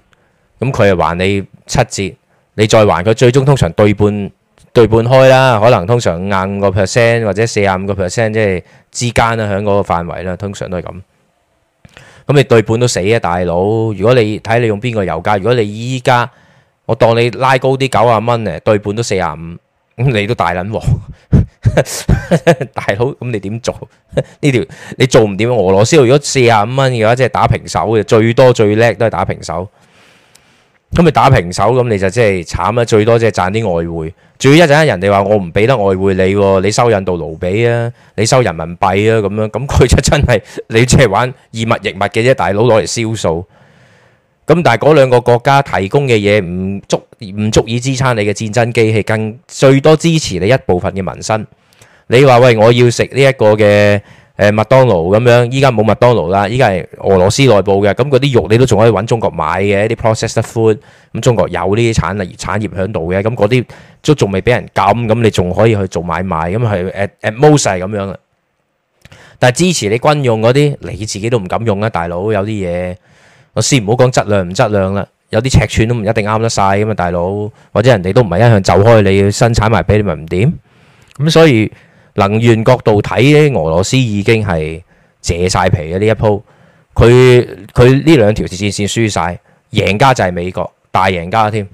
咁佢係還你七折，你再還佢，最終通常對半對半開啦，可能通常五五個 percent 或者四啊五個 percent，即係之間啦，喺嗰個範圍啦，通常都係咁。咁你對半都死啊，大佬！如果你睇你用邊個油價，如果你依家我當你拉高啲九啊蚊誒，對半都四啊五，咁你都大撚王， 大佬，咁你點做呢條？ 你做唔掂？俄羅斯如果四啊五蚊嘅話，即係打平手嘅，最多最叻都係打平手。咁咪打平手，咁你就即係慘啦，最多即係賺啲外匯。至於一陣人哋話我唔俾得外匯你，你收印度盧比啊，你收人民幣啊，咁樣，咁佢就真係你即係玩以物易物嘅啫，大佬攞嚟消數。咁但係嗰兩個國家提供嘅嘢，唔足唔足以支撐你嘅戰爭機器，更最多支持你一部分嘅民生。你話喂，我要食呢一個嘅。誒，麥當勞咁樣，依家冇麥當勞啦。依家係俄羅斯內部嘅，咁嗰啲肉你都仲可以揾中國買嘅一啲 processed food。咁中國有呢啲產力產業喺度嘅，咁嗰啲都仲未俾人禁，咁你仲可以去做買賣，咁係誒 at most 係咁樣嘅。但係支持你軍用嗰啲，你自己都唔敢用啦，大佬。有啲嘢，我先唔好講質量唔質量啦，有啲尺寸都唔一定啱得曬咁啊，大佬。或者人哋都唔係一向就開你要生產埋俾你，咪唔掂？咁所以。能源角度睇，俄羅斯已經係謝晒皮嘅呢一鋪。佢佢呢兩條戰線線輸晒，贏家就係美國，大贏家添。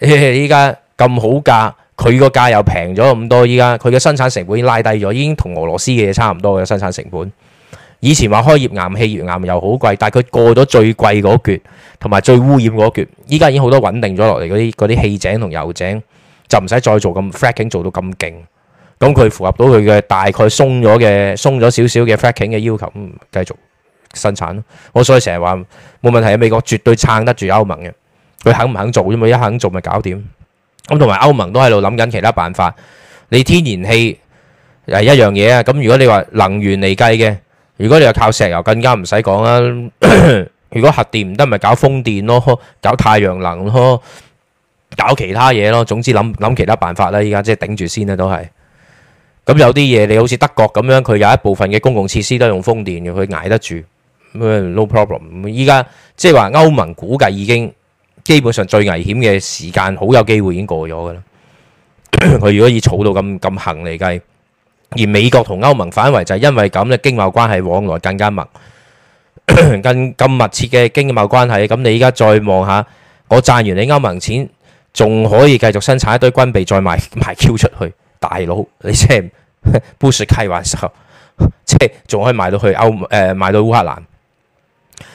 依家咁好價，佢個價又平咗咁多。依家佢嘅生產成本已經拉低咗，已經同俄羅斯嘅嘢差唔多嘅生產成本。以前話開頁岩氣、頁岩油又好貴，但係佢過咗最貴嗰橛，同埋最污染嗰橛。依家已經好多穩定咗落嚟嗰啲嗰啲氣井同油井，就唔使再做咁 fracking，做到咁勁。咁佢符合到佢嘅大概鬆咗嘅鬆咗少少嘅 fracking 嘅要求，咁繼續生產咯。我所以成日話冇問題啊，美國絕對撐得住歐盟嘅。佢肯唔肯做啫嘛？一肯做咪搞掂。咁同埋歐盟都喺度諗緊其他辦法。你天然氣係一樣嘢啊。咁如果你話能源嚟計嘅，如果你話靠石油，更加唔使講啦。如果核電唔得，咪搞風電咯，搞太陽能咯，搞其他嘢咯。總之諗諗其他辦法啦。依家即係頂住先啦，都係。咁有啲嘢你好似德國咁樣，佢有一部分嘅公共設施都用風電嘅，佢捱得住，No problem。依家即係話歐盟估計已經基本上最危險嘅時間，好有機會已經過咗㗎喇。佢 如果以儲到咁咁行嚟計，而美國同歐盟反為就係因為咁嘅經貿關係往來更加密、 更更密切嘅經貿關係。咁你依家再望下，我賺完你歐盟錢，仲可以繼續生產一堆軍備再賣賣 Q 出去。大佬，你即係 push 契玩手，即係仲可以賣到去歐誒，賣到烏克蘭。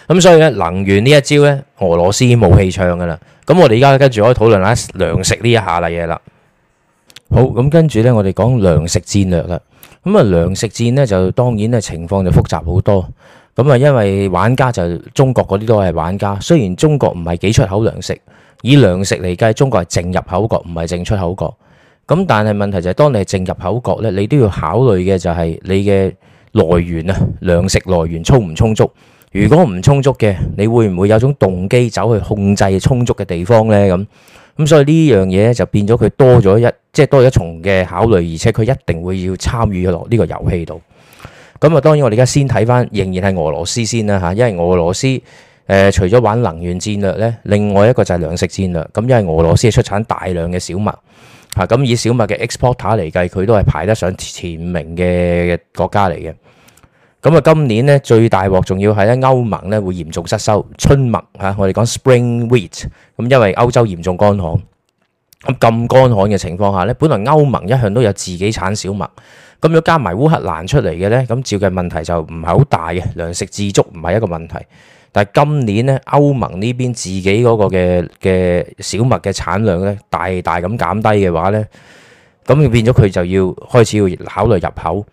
咁所以咧，能源呢一招咧，俄羅斯已經冇戲唱噶啦。咁我哋而家跟住可以討論下糧食呢一下嚟嘢啦。好，咁跟住咧，我哋講糧食戰略啦。咁啊，糧食戰咧就當然咧情況就複雜好多。咁啊，因為玩家就中國嗰啲都係玩家，雖然中國唔係幾出口糧食，以糧食嚟計，中國係淨入口國，唔係淨出口國。咁但係問題就係，當你係淨入口國咧，你都要考慮嘅就係你嘅來源啊，糧食來源充唔充足？如果唔充足嘅，你會唔會有種動機走去控制充足嘅地方咧？咁咁所以呢樣嘢就變咗佢多咗一即係多一重嘅考慮，而且佢一定會要參與落呢個遊戲度。咁啊，當然我哋而家先睇翻，仍然係俄羅斯先啦嚇，因為俄羅斯誒、呃、除咗玩能源戰略咧，另外一個就係糧食戰略。咁因為俄羅斯係出產大量嘅小麥。啊，咁以小麥嘅 export 嚟計，佢都係排得上前五名嘅國家嚟嘅。咁啊，今年咧最大鑊仲要係咧歐盟咧會嚴重失收春麥嚇。我哋講 spring wheat 咁，因為歐洲嚴重乾旱，咁咁乾旱嘅情況下咧，本來歐盟一向都有自己產小麥，咁，要加埋烏克蘭出嚟嘅咧，咁照計問題就唔係好大嘅，糧食自足唔係一個問題。但係今年咧，歐盟呢邊自己嗰個嘅嘅小麥嘅產量咧，大大咁減低嘅話咧，咁就變咗佢就要開始要考慮入口。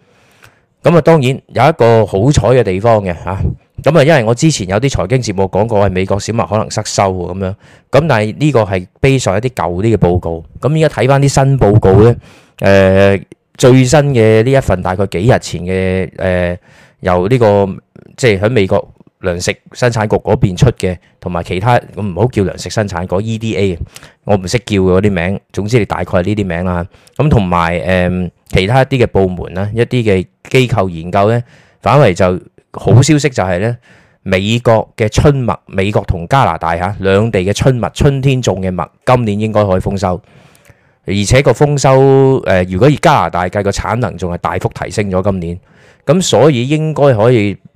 咁啊，當然有一個好彩嘅地方嘅嚇，咁啊，因為我之前有啲財經節目講過係美國小麥可能失收喎，咁樣咁，但係呢個係悲 a 上一啲舊啲嘅報告。咁而家睇翻啲新報告咧，誒、呃、最新嘅呢一份大概幾日前嘅誒、呃，由呢、這個即係喺美國。糧食生產局嗰邊出嘅，同埋其他我唔好叫糧食生產局 EDA，我唔識叫嗰啲名。總之你大概係呢啲名啦。咁同埋誒其他一啲嘅部門啦，一啲嘅機構研究呢，反為就好消息就係呢，美國嘅春麥，美國同加拿大嚇兩地嘅春麥，春天種嘅麥，今年應該可以豐收。而且個豐收誒，如果以加拿大計，個產能仲係大幅提升咗今年。咁所以應該可以。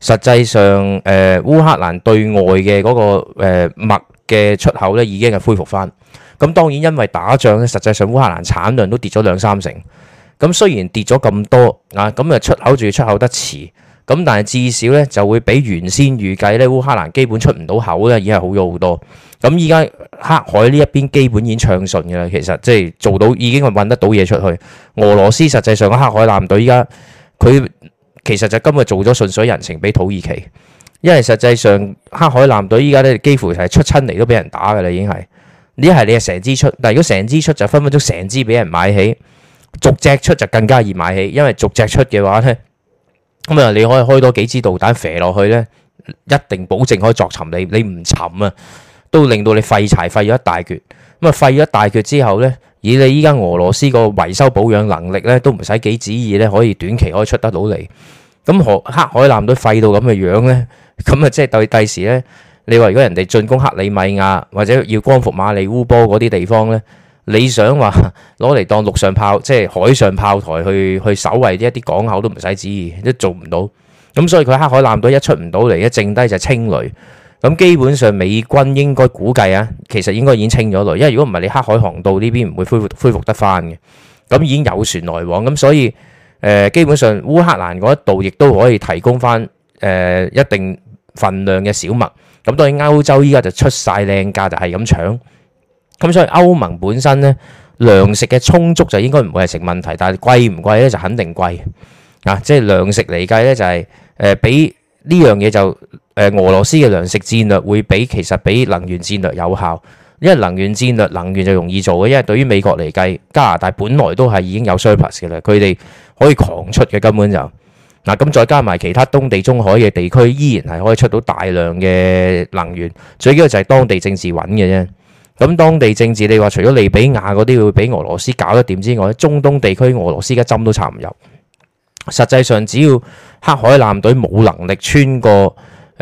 實際上，誒、呃、烏克蘭對外嘅嗰、那個誒麥嘅、呃、出口咧，已經係恢復翻。咁當然因為打仗咧，實際上烏克蘭產量都跌咗兩三成。咁雖然跌咗咁多啊，咁啊出口仲要出口得遲。咁但係至少咧就會比原先預計咧，烏克蘭基本出唔到口咧，已經係好咗好多。咁依家黑海呢一邊基本已經暢順嘅啦，其實即係做到已經係運得到嘢出去。俄羅斯實際上嘅黑海艦隊依家佢。其實就今日做咗順水人情俾土耳其，因為實際上黑海艦隊依家咧幾乎係出親嚟，都俾人打噶啦，已經係。呢係你係成支出，但係如果成支出就分分鐘成支俾人買起，逐隻出就更加易買起，因為逐隻出嘅話咧，咁啊你可以開多幾支導彈射落去咧，一定保證可以作沉你，你唔沉啊，都令到你廢柴廢咗一大橛。咁啊廢咗一大橛之後咧。以你，你依家俄羅斯個維修保養能力咧，都唔使幾旨意咧，可以短期可以出得到嚟。咁何黑海艦隊廢到咁嘅樣咧，咁啊即係對第時咧，你話如果人哋進攻克里米亞或者要光復馬里烏波嗰啲地方咧，你想話攞嚟當陸上炮，即係海上炮台去去守衞呢一啲港口都唔使旨意，都做唔到。咁所以佢黑海艦隊一出唔到嚟，一剩低就青雷。咁基本上，美軍應該估計啊，其實應該已經清咗嘞，因為如果唔係，你黑海航道呢邊唔會恢復恢復得翻嘅。咁已經有船來往，咁所以誒，基本上烏克蘭嗰一度亦都可以提供翻誒一定份量嘅小麥。咁當然歐洲依家就出曬靚價，就係咁搶。咁所以歐盟本身呢，糧食嘅充足就應該唔會係成問題，但係貴唔貴呢就肯定貴。啊，即係糧食嚟計呢，就係誒比。呢樣嘢就誒，俄羅斯嘅糧食戰略會比其實比能源戰略有效，因為能源戰略能源就容易做嘅，因為對於美國嚟計，加拿大本來都係已經有 surplus 嘅啦，佢哋可以狂出嘅根本就嗱，咁再加埋其他東地中海嘅地區，依然係可以出到大量嘅能源，最緊要就係當地政治穩嘅啫。咁當地政治，你話除咗利比亞嗰啲會俾俄羅斯搞得掂之外，中東地區俄羅斯而家針都插唔入。實際上只要黑海艦隊冇能力穿過誒、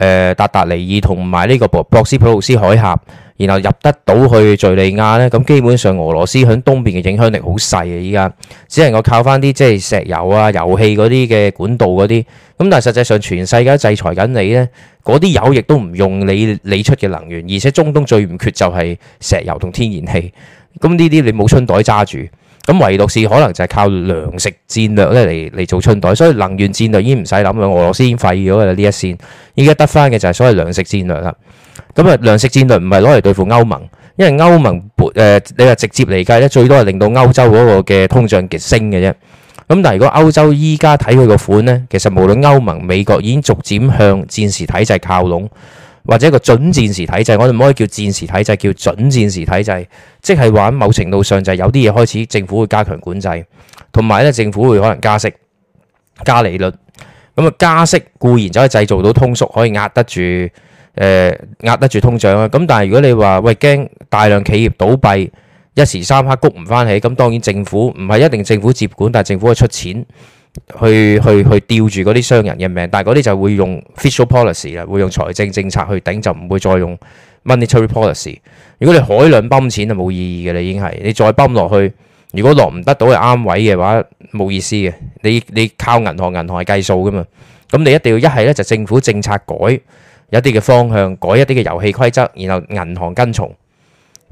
呃、達達尼爾同埋呢個博，博斯普魯斯海峽，然後入得到去敍利亞呢，咁基本上俄羅斯喺東邊嘅影響力好細啊，依家只能夠靠翻啲即係石油啊、油氣嗰啲嘅管道嗰啲。咁但係實際上全世界制裁緊你呢，嗰啲油亦都唔用你，你出嘅能源，而且中東最唔缺就係石油同天然氣。咁呢啲你冇春袋揸住。咁唯獨是可能就係靠糧食戰略咧嚟嚟做襯袋，所以能源戰略已經唔使諗啦。俄羅斯已經廢咗㗎啦，呢一綫依家得翻嘅就係所謂糧食戰略啦。咁啊，糧食戰略唔係攞嚟對付歐盟，因為歐盟撥誒你話直接嚟計咧，最多係令到歐洲嗰個嘅通脹極升嘅啫。咁但係如果歐洲依家睇佢個款咧，其實無論歐盟、美國已經逐漸向戰時體制靠攏。或者一個準戰時體制，我哋唔可以叫戰時體制，叫準戰時體制，即係話某程度上就係有啲嘢開始政府會加強管制，同埋咧政府會可能加息、加利率。咁啊加息固然就可以製造到通縮，可以壓得住誒壓得住通脹啊。咁但係如果你話喂，驚大量企業倒閉，一時三刻谷唔翻起，咁當然政府唔係一定政府接管，但係政府可以出錢。去去去吊住嗰啲商人嘅命，但係嗰啲就會用 fiscal policy 啦，會用財政政策去頂，就唔會再用 monetary policy。如果你海量泵錢就冇意義嘅啦，已經係你再泵落去，如果落唔得到係啱位嘅話，冇意思嘅。你你靠銀行，銀行係計數噶嘛，咁你一定要一係咧就政府政策改有一啲嘅方向，改一啲嘅遊戲規則，然後銀行跟從。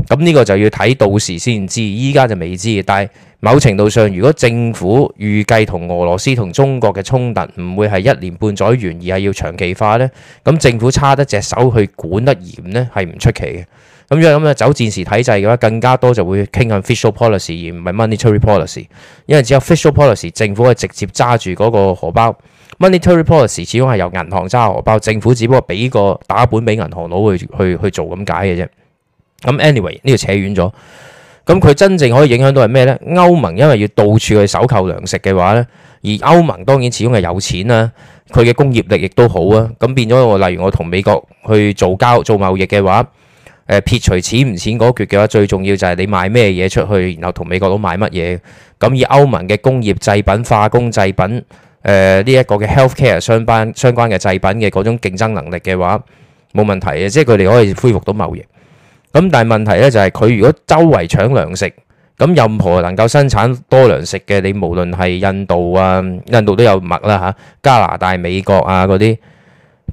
咁呢個就要睇到時先知，依家就未知。但係某程度上，如果政府預計同俄羅斯同中國嘅衝突唔會係一年半載完，而係要長期化呢。咁政府差得隻手去管得嚴呢，係唔出奇嘅。咁如果咁咧走戰時體制嘅話，更加多就會傾向 fiscal policy 而唔係 monetary policy，因為只有 fiscal policy 政，政府係直接揸住嗰個荷包，monetary policy 始終係由銀行揸荷包，政府只不過俾個打本俾銀行佬去去去做咁解嘅啫。咁，anyway 呢度扯遠咗。咁佢真正可以影響到係咩呢？歐盟因為要到處去搜購糧食嘅話咧，而歐盟當然始終係有錢啦，佢嘅工業力亦都好啊。咁變咗我，例如我同美國去做交做貿易嘅話，撇除錢唔錢嗰橛嘅話，最重要就係你賣咩嘢出去，然後同美國佬買乜嘢。咁以歐盟嘅工業製品、化工製品，誒呢一個嘅 health care 相關相關嘅製品嘅嗰種競爭能力嘅話，冇問題嘅，即係佢哋可以恢復到貿易。咁但係問題咧就係佢如果周圍搶糧食，咁任何能夠生產多糧食嘅，你無論係印度啊、印度都有麥啦嚇，加拿大、美國啊嗰啲，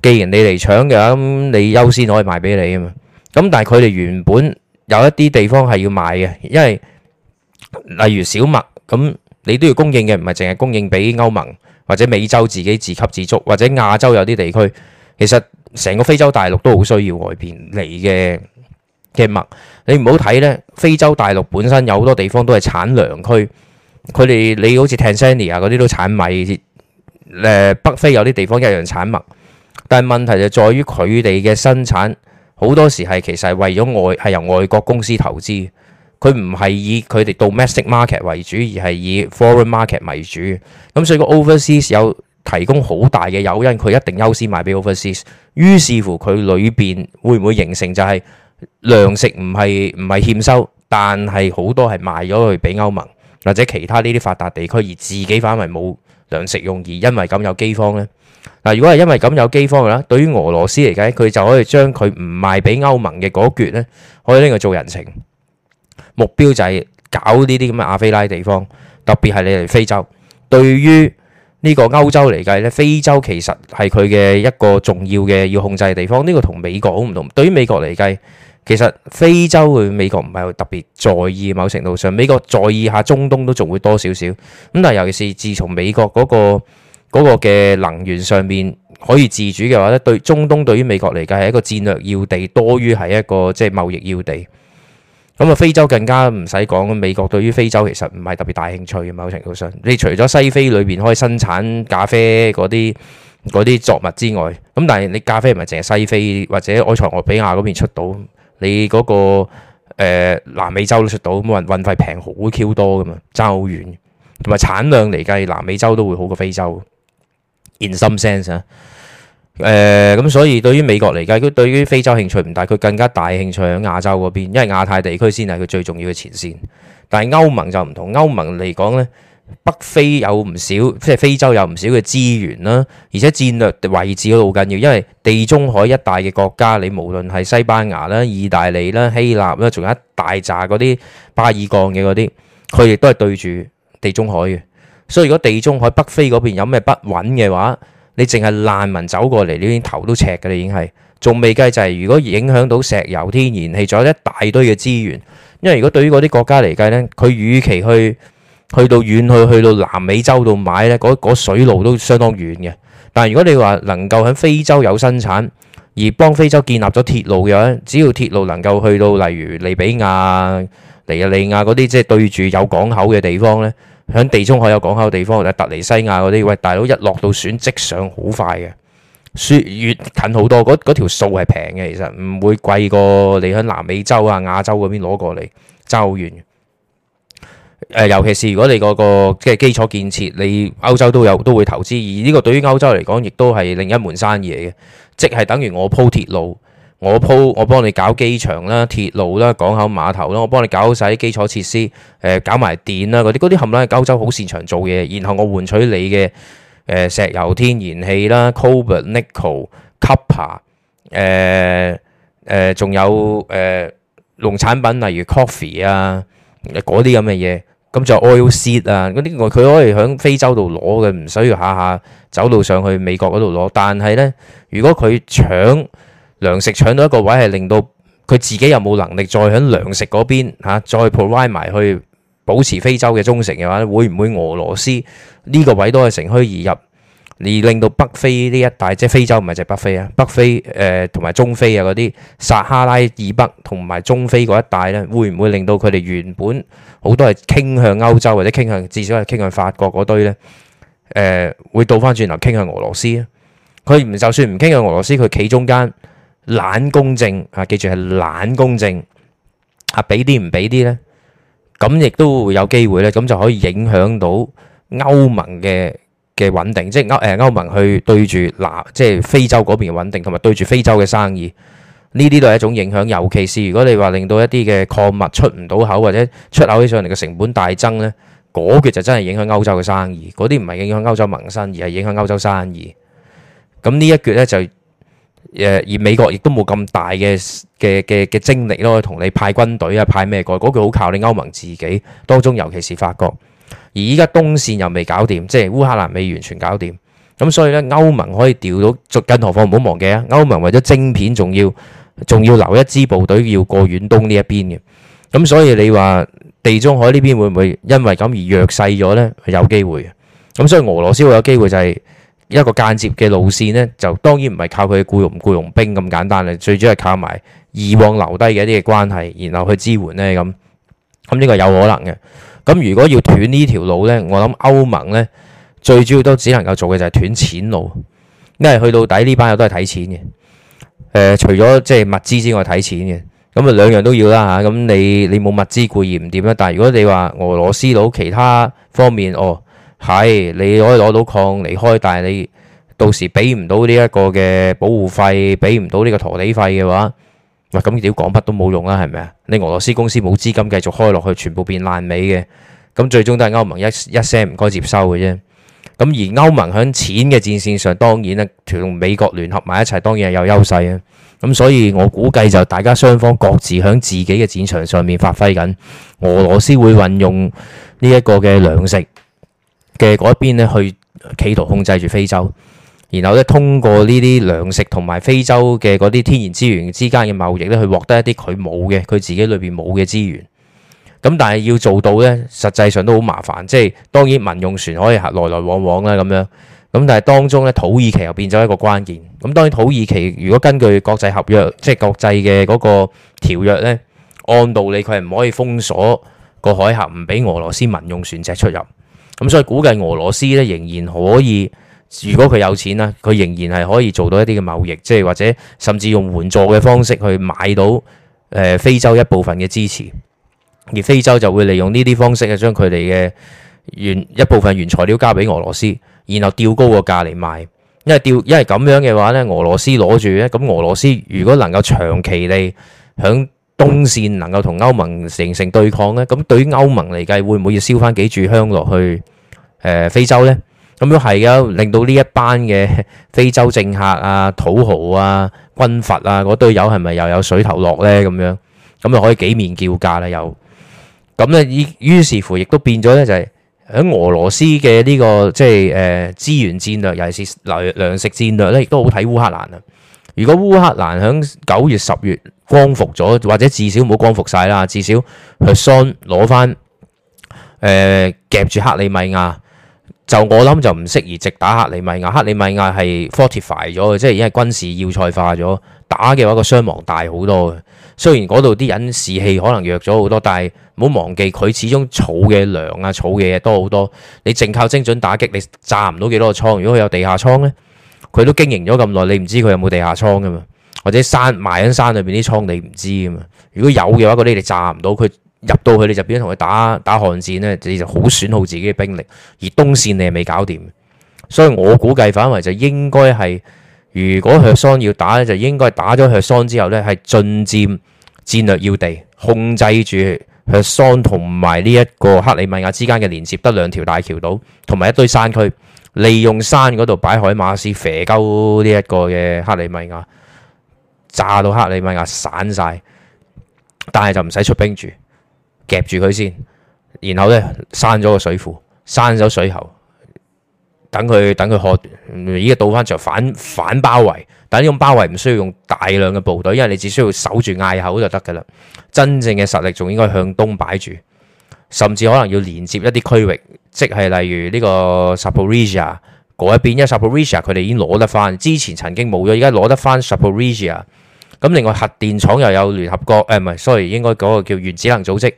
既然你嚟搶嘅，咁你優先可以賣俾你啊嘛。咁但係佢哋原本有一啲地方係要賣嘅，因為例如小麥，咁，你都要供應嘅，唔係淨係供應俾歐盟或者美洲自己自給自足，或者亞洲有啲地區其實成個非洲大陸都好需要外邊嚟嘅。嘅麥，你唔好睇咧。非洲大陸本身有好多地方都係產糧區，佢哋你好似 Tanzania 嗰啲都產米，誒、呃、北非有啲地方一樣產麥。但係問題就在於佢哋嘅生產好多時係其實係為咗外係由外國公司投資，佢唔係以佢哋 domestic market 為主，而係以 foreign market 為主。咁所以個 overseas 有提供好大嘅誘因，佢一定優先賣俾 overseas。於是乎佢裏邊會唔會形成就係、是？糧食唔係唔係欠收，但係好多係賣咗去俾歐盟或者其他呢啲發達地區，而自己反為冇糧食用，而因為咁有饑荒咧嗱。如果係因為咁有饑荒嘅啦，對於俄羅斯嚟計，佢就可以將佢唔賣俾歐盟嘅嗰橛咧，可以拎去做人情。目標就係搞呢啲咁嘅亞非拉地方，特別係你嚟非洲。對於呢個歐洲嚟計咧，非洲其實係佢嘅一個重要嘅要控制嘅地方。呢個同美國好唔同。對於美國嚟計，其實非洲佢美國唔係特別在意，某程度上美國在意下中東都仲會多少少。咁但係尤其是自從美國嗰個嗰個嘅能源上面可以自主嘅話咧，對中東對於美國嚟講係一個戰略要地多於係一個即係貿易要地。咁啊非洲更加唔使講，美國對於非洲其實唔係特別大興趣嘅，某程度上，你除咗西非裏邊可以生產咖啡嗰啲嗰啲作物之外，咁但係你咖啡唔係淨係西非或者埃塞俄比亞嗰邊出到。你嗰個，誒，南美洲都出到，咁人運費平好 Q 多㗎嘛，爭好遠，同埋產量嚟計，南美洲都會好過非洲。In some sense 啊，誒，咁所以對於美國嚟計，佢對於非洲興趣唔大，佢更加大興趣喺亞洲嗰邊，因為亞太地區先係佢最重要嘅前線。但係歐盟就唔同，歐盟嚟講咧。北非有唔少，即係非洲有唔少嘅資源啦，而且戰略位置都好緊要，因為地中海一帶嘅國家，你無論係西班牙啦、意大利啦、希臘啦，仲有一大扎嗰啲巴爾幹嘅嗰啲，佢亦都係對住地中海嘅。所以如果地中海北非嗰邊有咩不穩嘅話，你淨係難民走過嚟，你已經頭都赤㗎喇，你已經係，仲未計就係如果影響到石油、天然氣，仲有一大堆嘅資源。因為如果對於嗰啲國家嚟計呢，佢與其去去到遠去，去到南美洲度買呢，嗰嗰水路都相當遠嘅。但係如果你話能夠喺非洲有生產，而幫非洲建立咗鐵路嘅，只要鐵路能夠去到，例如利比亞、尼日利亞嗰啲，即係對住有港口嘅地方呢，喺地中海有港口嘅地方，或者特尼西亞嗰啲，喂，大佬一落到船即上，好快嘅，雪越近好多，嗰嗰條數係平嘅，其實唔會貴過你喺南美洲啊、亞洲嗰邊攞過嚟，爭好遠。誒，尤其是如果你嗰個即係基礎建設，你歐洲都有都會投資，而呢個對於歐洲嚟講，亦都係另一門生意嚟嘅，即係等於我鋪鐵路，我鋪我幫你搞機場啦、鐵路啦、港口碼頭啦，我幫你搞好晒啲基礎設施，誒、呃、搞埋電啦嗰啲，啲冚唪唥係歐洲好擅長做嘢，然後我換取你嘅誒、呃、石油、天然氣啦、cobalt、nickel、copper，誒誒仲有誒農、呃、產品，例如 coffee 啊嗰啲咁嘅嘢。咁就 oil seed 啊，嗰啲佢可以響非洲度攞嘅，唔需要下下走到上去美國嗰度攞。但係咧，如果佢搶糧食搶到一個位，係令到佢自己又冇能力再響糧食嗰邊嚇、啊、再 provide 埋去保持非洲嘅忠誠嘅話咧，會唔會俄羅斯呢個位都係乘虛而入？而令到北非呢一帶，即係非洲唔係淨係北非啊，北非誒同埋中非啊嗰啲撒哈拉以北同埋中非嗰一帶咧，會唔會令到佢哋原本好多係傾向歐洲或者傾向至少係傾向法國嗰堆咧？誒會倒翻轉頭傾向俄羅斯啊！佢唔就算唔傾向俄羅斯，佢企中間懶公正啊！記住係懶公正啊！俾啲唔俾啲咧，咁亦都會有機會咧，咁就可以影響到歐盟嘅。嘅穩定，即係歐誒、呃、歐盟去對住南，即係非洲嗰邊穩定，同埋對住非洲嘅生意，呢啲都係一種影響。尤其是如果你話令到一啲嘅礦物出唔到口，或者出口起上嚟嘅成本大增呢，嗰句就真係影響歐洲嘅生意。嗰啲唔係影響歐洲民生，而係影響歐洲生意。咁呢一句呢，就誒，而美國亦都冇咁大嘅嘅嘅嘅精力咯，同你派軍隊啊，派咩國嗰句，好靠你歐盟自己當中，尤其是法國。而依家東線又未搞掂，即係烏克蘭未完全搞掂，咁所以呢歐盟可以調到，就更何況唔好忘記啊！歐盟為咗晶片，仲要仲要留一支部隊要過遠東呢一邊嘅，咁、嗯、所以你話地中海呢邊會唔會因為咁而弱勢咗呢？有機會嘅，咁、嗯、所以俄羅斯會有機會就係一個間接嘅路線呢，就當然唔係靠佢僱傭僱傭兵咁簡單啦，最主要係靠埋以往留低嘅一啲嘅關係，然後去支援呢。咁、嗯，咁呢個有可能嘅。咁如果要斷呢條路呢，我諗歐盟呢最主要都只能夠做嘅就係斷錢路，因為去到底呢班友都係睇錢嘅。誒、呃，除咗即係物資之外，睇錢嘅，咁啊兩樣都要啦嚇。咁、啊、你你冇物資固然唔掂啦，但係如果你話俄羅斯佬其他方面哦，係你可以攞到礦離開，但係你到時俾唔到呢一個嘅保護費，俾唔到呢個陀地費嘅話。喂，咁你啲講乜都冇用啦，係咪啊？你俄羅斯公司冇資金繼續開落去，全部變爛尾嘅，咁最終都係歐盟一一聲唔該接收嘅啫。咁而歐盟響錢嘅戰線上，當然咧同美國聯合埋一齊，當然係有優勢啊。咁所以我估計就大家雙方各自響自己嘅戰場上面發揮緊。俄羅斯會運用呢一個嘅糧食嘅嗰一邊咧，去企圖控制住非洲。然後咧，通過呢啲糧食同埋非洲嘅嗰啲天然資源之間嘅貿易咧，去獲得一啲佢冇嘅，佢自己裏邊冇嘅資源。咁但係要做到呢，實際上都好麻煩。即係當然民用船可以行來來往往啦咁樣。咁但係當中呢，土耳其又變咗一個關鍵。咁當然土耳其如果根據國際合約，即係國際嘅嗰個條約咧，按道理佢係唔可以封鎖個海峽，唔俾俄羅斯民用船隻出入。咁所以估計俄羅斯呢，仍然可以。如果佢有錢啦，佢仍然係可以做到一啲嘅貿易，即係或者甚至用援助嘅方式去買到誒、呃、非洲一部分嘅支持，而非洲就會利用呢啲方式啊，將佢哋嘅原一部分原材料交俾俄羅斯，然後調高個價嚟賣。因為調因為咁樣嘅話咧，俄羅斯攞住咧，咁俄羅斯如果能夠長期地響東線能夠同歐盟形成對抗咧，咁對於歐盟嚟計，會唔會要燒翻幾柱香落去誒、呃、非洲呢？咁又係㗎，令到呢一班嘅非洲政客啊、土豪啊、軍閥啊嗰堆友係咪又有水頭落呢？咁樣咁就可以幾面叫價啦又。咁呢，依於，於是乎亦都變咗呢，就係喺俄羅斯嘅呢、呢個即係誒、呃、資源戰略，尤其是糧食戰略咧，亦都好睇烏克蘭啊。如果烏克蘭響九月、十月光復咗，或者至少唔好光復晒啦，至少去雙攞翻誒夾住克里米亞。就我諗就唔適宜直打克里米亞，克里米亞係 fortify 咗，即係已經係軍事要塞化咗。打嘅話個傷亡大好多嘅。雖然嗰度啲人士氣可能弱咗好多，但係唔好忘記佢始終儲嘅糧啊、儲嘅嘢多好多。你淨靠精準打擊，你炸唔到幾多個倉。如果佢有地下倉呢，佢都經營咗咁耐，你唔知佢有冇地下倉噶嘛？或者山埋喺山裏邊啲倉你唔知噶嘛？如果有嘅話，嗰啲你炸唔到佢。入到去你就變咗同佢打打寒戰呢，你就好損耗自己嘅兵力。而東線你係未搞掂，所以我估計反為就應該係如果赫桑要打呢，就應該打咗赫桑之後呢，係進佔戰略要地，控制住赫桑同埋呢一個克里米亞之間嘅連接，得兩條大橋島同埋一堆山區，利用山嗰度擺海馬斯蛇溝呢一個嘅克里米亞炸到克里米亞散晒，但係就唔使出兵住。夾住佢先，然後咧閂咗個水庫，閂咗水喉，等佢等佢渴。而家倒翻就反反包圍，但係呢種包圍唔需要用大量嘅部隊，因為你只需要守住隘口就得㗎喇。真正嘅實力仲應該向東擺住，甚至可能要連接一啲區域，即係例如呢個 Zaporizhzhia 嗰一邊，因為 Zaporizhzhia 佢哋已經攞得翻，之前曾經冇咗，而家攞得翻 Zaporizhzhia 咁另外核電廠又有聯合國，誒，唔係，sorry，應該嗰個叫原子能組織。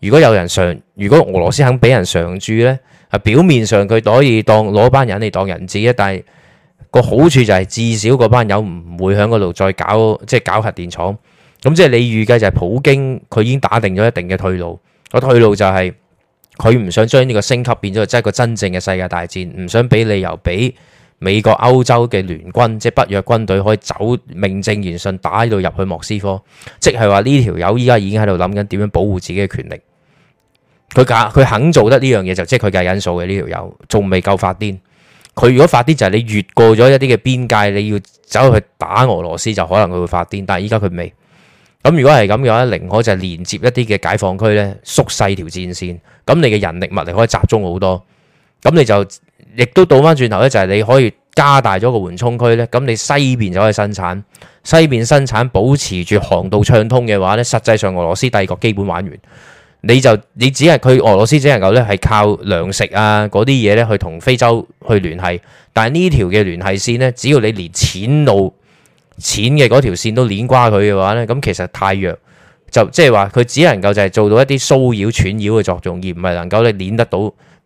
如果有人常，如果俄羅斯肯俾人常住呢，啊，表面上佢可以當攞班人嚟當人質啊，但係個好處就係至少嗰班友唔會喺嗰度再搞，即係搞核電廠。咁即係你預計就係普京佢已經打定咗一定嘅退路，個退路就係佢唔想將呢個升級變咗，即係個真正嘅世界大戰，唔想俾理由俾。美國、歐洲嘅聯軍，即係北約軍隊，可以走名正言順打到入去莫斯科，即係話呢條友依家已經喺度諗緊點樣保護自己嘅權力。佢敢，佢肯做得呢樣嘢就即係佢嘅因素嘅呢條友，仲未夠發癲。佢如果發癲就係你越過咗一啲嘅邊界，你要走去打俄羅斯就可能佢會發癲，但係依家佢未。咁如果係咁嘅話，寧可就係連接一啲嘅解放區咧，縮細條戰線，咁你嘅人力物力可以集中好多，咁你就。亦都倒翻轉頭咧，就係你可以加大咗個緩衝區咧，咁你西邊就可以生產，西邊生產保持住航道暢通嘅話咧，實際上俄羅斯帝國基本玩完，你就你只係佢俄羅斯只能夠咧係靠糧食啊嗰啲嘢咧去同非洲去聯繫，但係呢條嘅聯繫線咧，只要你連淺路淺嘅嗰條線都碾瓜佢嘅話咧，咁其實太弱，就即係話佢只能夠就係做到一啲騷擾、串擾嘅作用，而唔係能夠你碾得到。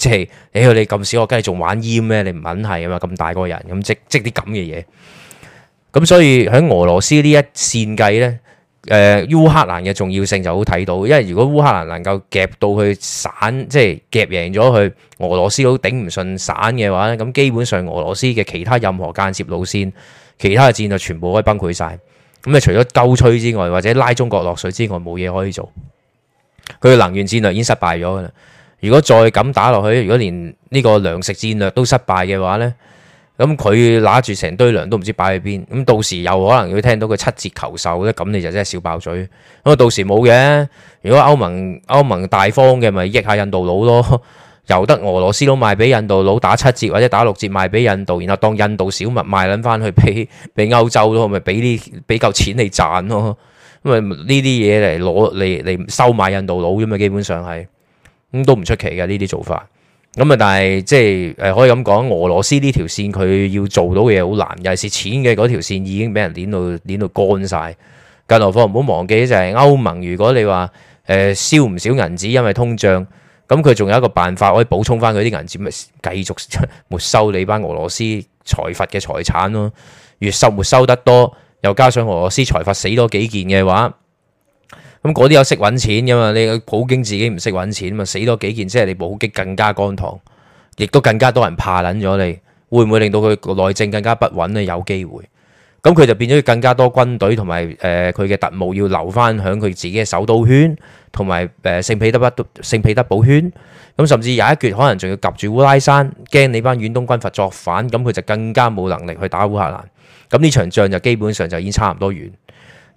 即係、哎，你去，你咁小學雞，梗係仲玩煙咩？你唔肯係啊嘛！咁大個人，咁即積啲咁嘅嘢，咁所以喺俄羅斯呢一線計咧，誒、呃、烏克蘭嘅重要性就好睇到。因為如果烏克蘭能夠夾到去散，即係夾贏咗佢，俄羅斯都頂唔順散嘅話咧，咁基本上俄羅斯嘅其他任何間接路線、其他嘅戰略全部可以崩潰晒。咁啊，除咗鳩吹之外，或者拉中國落水之外，冇嘢可以做。佢嘅能源戰略已經失敗咗啦。如果再咁打落去，如果連呢個糧食戰略都失敗嘅話呢，咁佢拿住成堆糧都唔知擺喺邊，咁到時又可能要聽到佢七折求售呢，咁你就真係笑爆嘴。咁啊，到時冇嘅，如果歐盟歐盟大方嘅，咪益下印度佬咯，由得俄羅斯佬賣俾印度佬打七折或者打六折賣俾印度，然後當印度小麥賣捻翻去俾俾歐洲咯，咪俾啲俾夠錢你賺咯，咁啊呢啲嘢嚟攞嚟嚟收買印度佬啫嘛，基本上係。咁都唔出奇嘅呢啲做法，咁啊但係即係，誒可以咁講，俄羅斯呢條線佢要做到嘅嘢好難，尤其是錢嘅嗰條線已經俾人捻到捻到乾晒。更何況唔好忘記就係歐盟，如果你話誒燒唔少銀紙，因為通脹，咁佢仲有一個辦法可以補充翻佢啲銀紙，咪繼續沒收你班俄羅斯財閥嘅財產咯。越收沒收得多，又加上俄羅斯財閥死多幾件嘅話。咁嗰啲有識搵錢噶嘛，你普京自己唔識搵錢嘛？死多幾件，即係你普京更加乾塘，亦都更加多人怕捻咗你，會唔會令到佢內政更加不穩呢？有機會，咁佢就變咗更加多軍隊同埋誒，佢嘅特務要留翻響佢自己嘅首都圈，同埋誒聖彼得不聖彼得堡圈，咁甚至有一決可能仲要及住烏拉山，驚你班遠東軍閥作反，咁佢就更加冇能力去打烏克蘭，咁呢場仗就基本上就已經差唔多完。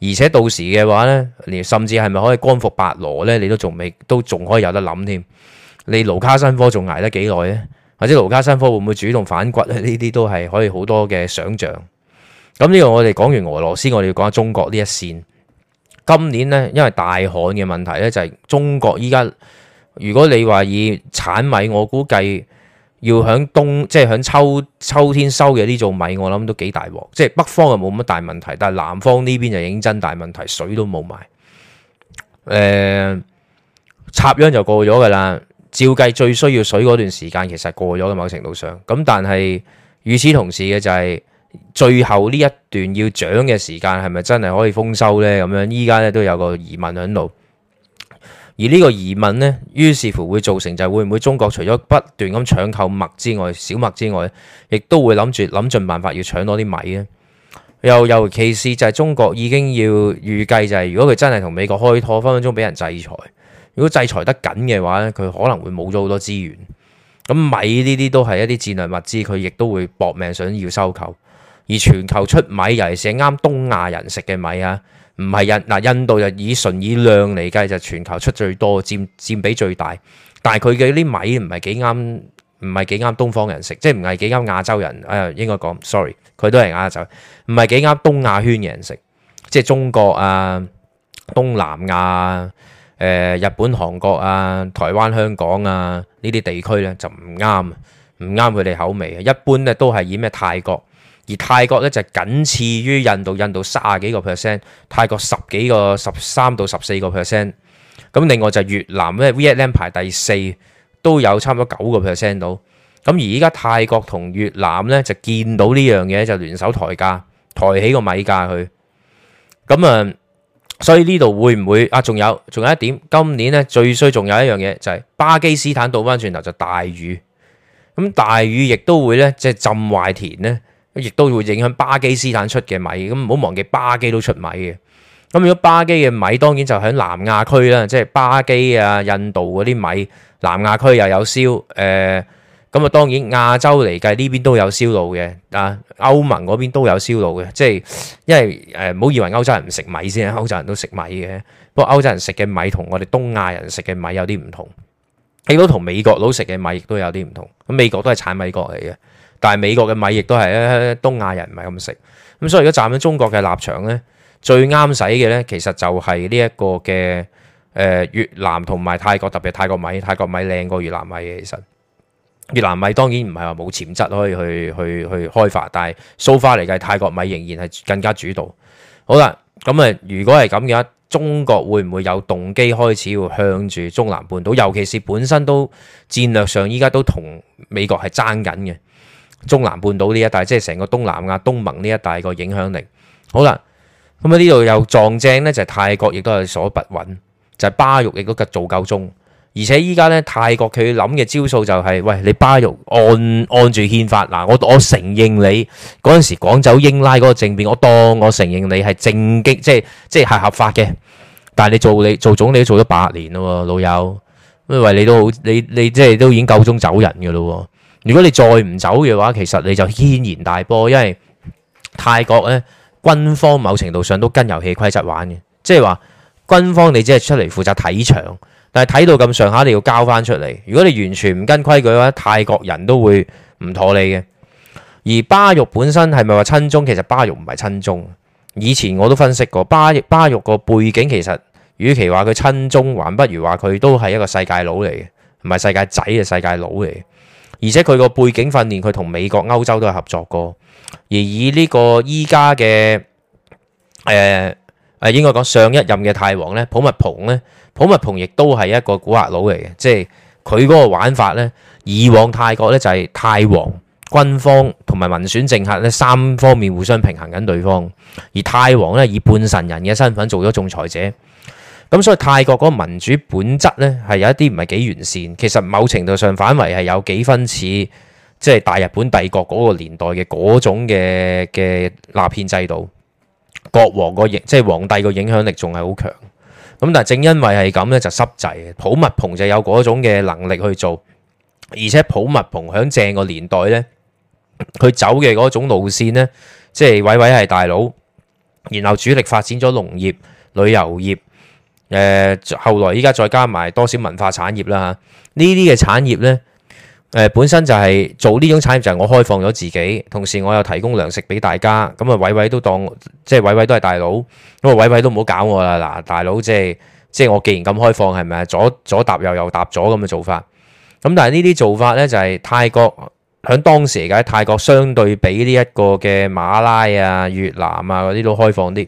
而且到時嘅話咧，甚至係咪可以光復白羅咧？你都仲未，都仲可以有得諗添。你盧卡申科仲捱得幾耐咧？或者盧卡申科會唔會主動反骨咧？呢啲都係可以好多嘅想像。咁呢個我哋講完俄羅斯，我哋要講下中國呢一線。今年咧，因為大旱嘅問題咧，就係中國依家，如果你話以產米，我估計。要響冬，即係響秋、秋天收嘅呢種米，我諗都幾大鑊。即係北方又冇乜大問題，但係南方呢邊就認真大問題，水都冇埋。誒、呃，插秧就過咗㗎啦。照計最需要水嗰段時間其實過咗嘅某程度上。咁但係與此同時嘅就係、是、最後呢一段要長嘅時間係咪真係可以豐收呢？咁樣依家咧都有個疑問喺度。而呢個疑問呢，於是乎會造成就係會唔會中國除咗不斷咁搶購麥之外，小麥之外，亦都會諗住諗盡辦法要搶多啲米呢，又尤其是就係中國已經要預計就係，如果佢真係同美國開拖，分分鐘俾人制裁。如果制裁得緊嘅話咧，佢可能會冇咗好多資源。咁米呢啲都係一啲戰略物資，佢亦都會搏命想要收購。而全球出米尤其係係啱東亞人食嘅米啊！唔係印嗱、啊，印度就以純以量嚟計，就全球出最多，佔佔比最大。但係佢嘅啲米唔係幾啱，唔係幾啱東方人食，即係唔係幾啱亞洲人。誒、哎，應該講，sorry，佢都係亞洲，唔係幾啱東亞圈嘅人食，即係中國啊、東南亞啊、呃、日本、韓國啊、台灣、香港啊呢啲地區咧就唔啱，唔啱佢哋口味啊。一般咧都係以咩泰國。而泰國咧就僅次於印度，印度卅幾個 percent，泰國十幾個十三到十四個 percent。咁另外就越南咧 Vietnam 排第四，都有差唔多九個 percent 到。咁而依家泰國同越南咧就見到呢樣嘢，就聯手抬價，抬起個米價佢。咁啊，所以呢度會唔會啊？仲有仲有一點，今年咧最衰，仲有一樣嘢就係巴基斯坦倒翻轉頭就大雨。咁大雨亦都會咧，即係浸壞田咧。亦都會影響巴基斯坦出嘅米，咁唔好忘記巴基都出米嘅。咁如果巴基嘅米當然就喺南亞區啦，即係巴基啊、印度嗰啲米，南亞區又有銷。誒、呃，咁啊當然亞洲嚟計呢邊都有銷到嘅啊，歐盟嗰邊都有銷到嘅，即係因為誒唔好以為歐洲人唔食米先，歐洲人都食米嘅，不過歐洲人食嘅米同我哋東亞人食嘅米有啲唔同，亦都同美國佬食嘅米亦都有啲唔同。咁美國都係產米國嚟嘅。但係美國嘅米亦都係咧，東亞人唔係咁食，咁所以而家站喺中國嘅立場咧，最啱使嘅咧，其實就係呢一個嘅誒、呃、越南同埋泰國，特別泰國米，泰國米靚過越南米。其實越南米當然唔係話冇潛質可以去去去開發，但係蘇花嚟嘅泰國米仍然係更加主導。好啦，咁啊，如果係咁嘅話，中國會唔會有動機開始要向住中南半島，尤其是本身都戰略上依家都同美國係爭緊嘅？中南半島呢一帶，即係成個東南亞東盟呢一帶個影響力，好啦。咁啊呢度又撞正咧，就泰國亦都有所不穩，就巴育亦都夠做夠鐘。而且依家咧，泰國佢諗嘅招數就係，喂，你巴育按按住憲法嗱，我我承認你嗰陣時趕走英拉嗰個政變，我當我承認你係政擊，即係即係係合法嘅。但係你做你做總理都做咗八年啦喎，老友，為你都好，你你即係都已經夠鐘走人嘅咯喎。如果你再唔走嘅話，其實你就軒然大波，因為泰國咧軍方某程度上都跟遊戲規則玩嘅，即係話軍方你只係出嚟負責睇場，但係睇到咁上下你要交翻出嚟。如果你完全唔跟規矩嘅話，泰國人都會唔妥你嘅。而巴育本身係咪話親中？其實巴育唔係親中，以前我都分析過巴巴育個背景其實，與其話佢親中，還不如話佢都係一個世界佬嚟嘅，唔係世界仔嘅世界佬嚟。而且佢個背景訓練，佢同美國、歐洲都係合作過。而以呢個依家嘅，誒、呃、誒應該講上一任嘅泰王呢，普密蓬呢，普密蓬亦都係一個古惑佬嚟嘅，即係佢嗰個玩法呢，以往泰國呢就係泰王、軍方同埋民選政客呢三方面互相平衡緊對方，而泰王呢以半神人嘅身份做咗仲裁者。咁所以泰國嗰個民主本質咧係有一啲唔係幾完善。其實某程度上反為係有幾分似即係大日本帝國嗰個年代嘅嗰種嘅嘅立憲制度，國王個，即係皇帝個影響力仲係好強，咁但係正因為係咁咧，就濕滯嘅普密蓬就有嗰種嘅能力去做，而且普密蓬響正個年代咧，佢走嘅嗰種路線咧，即係位位係大佬，然後主力發展咗農業旅遊業。誒、呃，後來依家再加埋多少文化產業啦呢啲嘅產業呢，誒、呃、本身就係做呢種產業就係我開放咗自己，同時我又提供糧食俾大家，咁啊偉偉都當即係偉偉都係大佬，咁啊偉偉都唔好搞我啦嗱，大佬即係即係我既然咁開放係咪左左搭右右搭咗咁嘅做法，咁但係呢啲做法呢，就係、是、泰國響當時嘅喺泰國相對比呢一個嘅馬拉亞、啊、越南啊嗰啲都開放啲。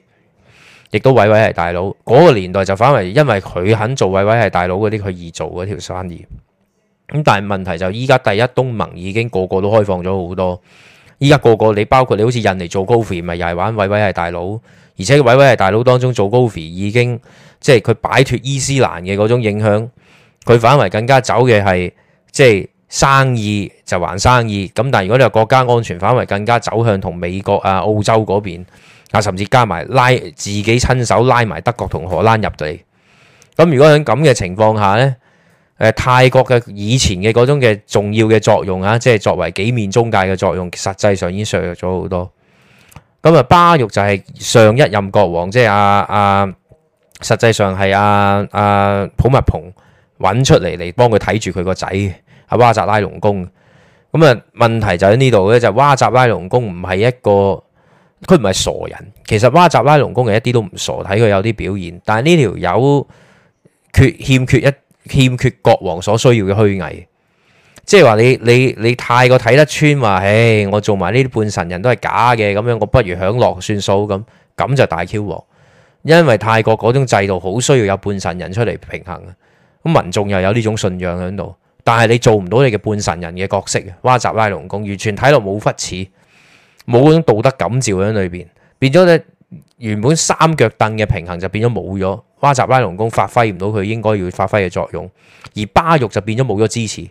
亦都偉偉係大佬，嗰個年代就反為因為佢肯做偉偉係大佬嗰啲，佢易做嗰條生意。咁但係問題就依家，第一，東盟已經個個都開放咗好多，依家個個，你包括你好似印尼做高飛，咪又係玩偉偉係大佬，而且偉偉係大佬當中做高飛已經即係佢擺脱伊斯蘭嘅嗰種影響，佢反為更加走嘅係即係生意就還生意。咁但係如果你話國家安全，反為更加走向同美國啊、澳洲嗰邊。啊，甚至加埋拉自己親手拉埋德國同荷蘭入嚟。咁如果喺咁嘅情況下咧，誒泰國嘅以前嘅嗰種嘅重要嘅作用啊，即係作為幾面中介嘅作用，實際上已經削弱咗好多。咁啊巴育就係上一任國王，即係啊啊，實際上係啊啊普密蓬揾出嚟嚟幫佢睇住佢個仔阿瓦扎拉隆功。咁啊問題就喺呢度咧，就係瓦扎拉隆功唔係一個。佢唔係傻人，其實哇集拉隆功係一啲都唔傻，睇佢有啲表現。但係呢條友缺欠缺一欠缺國王所需要嘅虛偽，即係話你你你太過睇得穿，話唉我做埋呢啲半神人都係假嘅，咁樣我不如享樂算數咁，咁就大 Q 王。因為泰國嗰種制度好需要有半神人出嚟平衡，咁民眾又有呢種信仰喺度，但係你做唔到你嘅半神人嘅角色嘅哇集拉隆功，完全睇落冇忽似。冇嗰種道德感召喺裏邊，變咗咧原本三腳凳嘅平衡就變咗冇咗。瓦札拉隆功發揮唔到佢應該要發揮嘅作用，而巴育就變咗冇咗支持。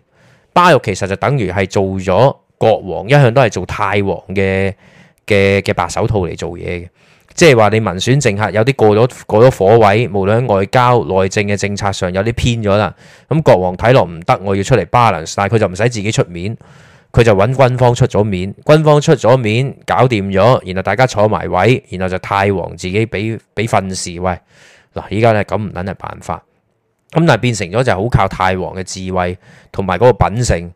巴育其實就等於係做咗國王，一向都係做泰王嘅嘅嘅白手套嚟做嘢嘅，即係話你民選政客有啲過咗過咗火位，無論外交內政嘅政策上有啲偏咗啦，咁國王睇落唔得，我要出嚟 balance，但佢就唔使自己出面。佢就揾軍方出咗面，軍方出咗面搞掂咗，然後大家坐埋位，然後就泰王自己俾俾訓示，喂，嗱依家咧咁唔撚係辦法，咁但係變成咗就好靠泰王嘅智慧同埋嗰個品性，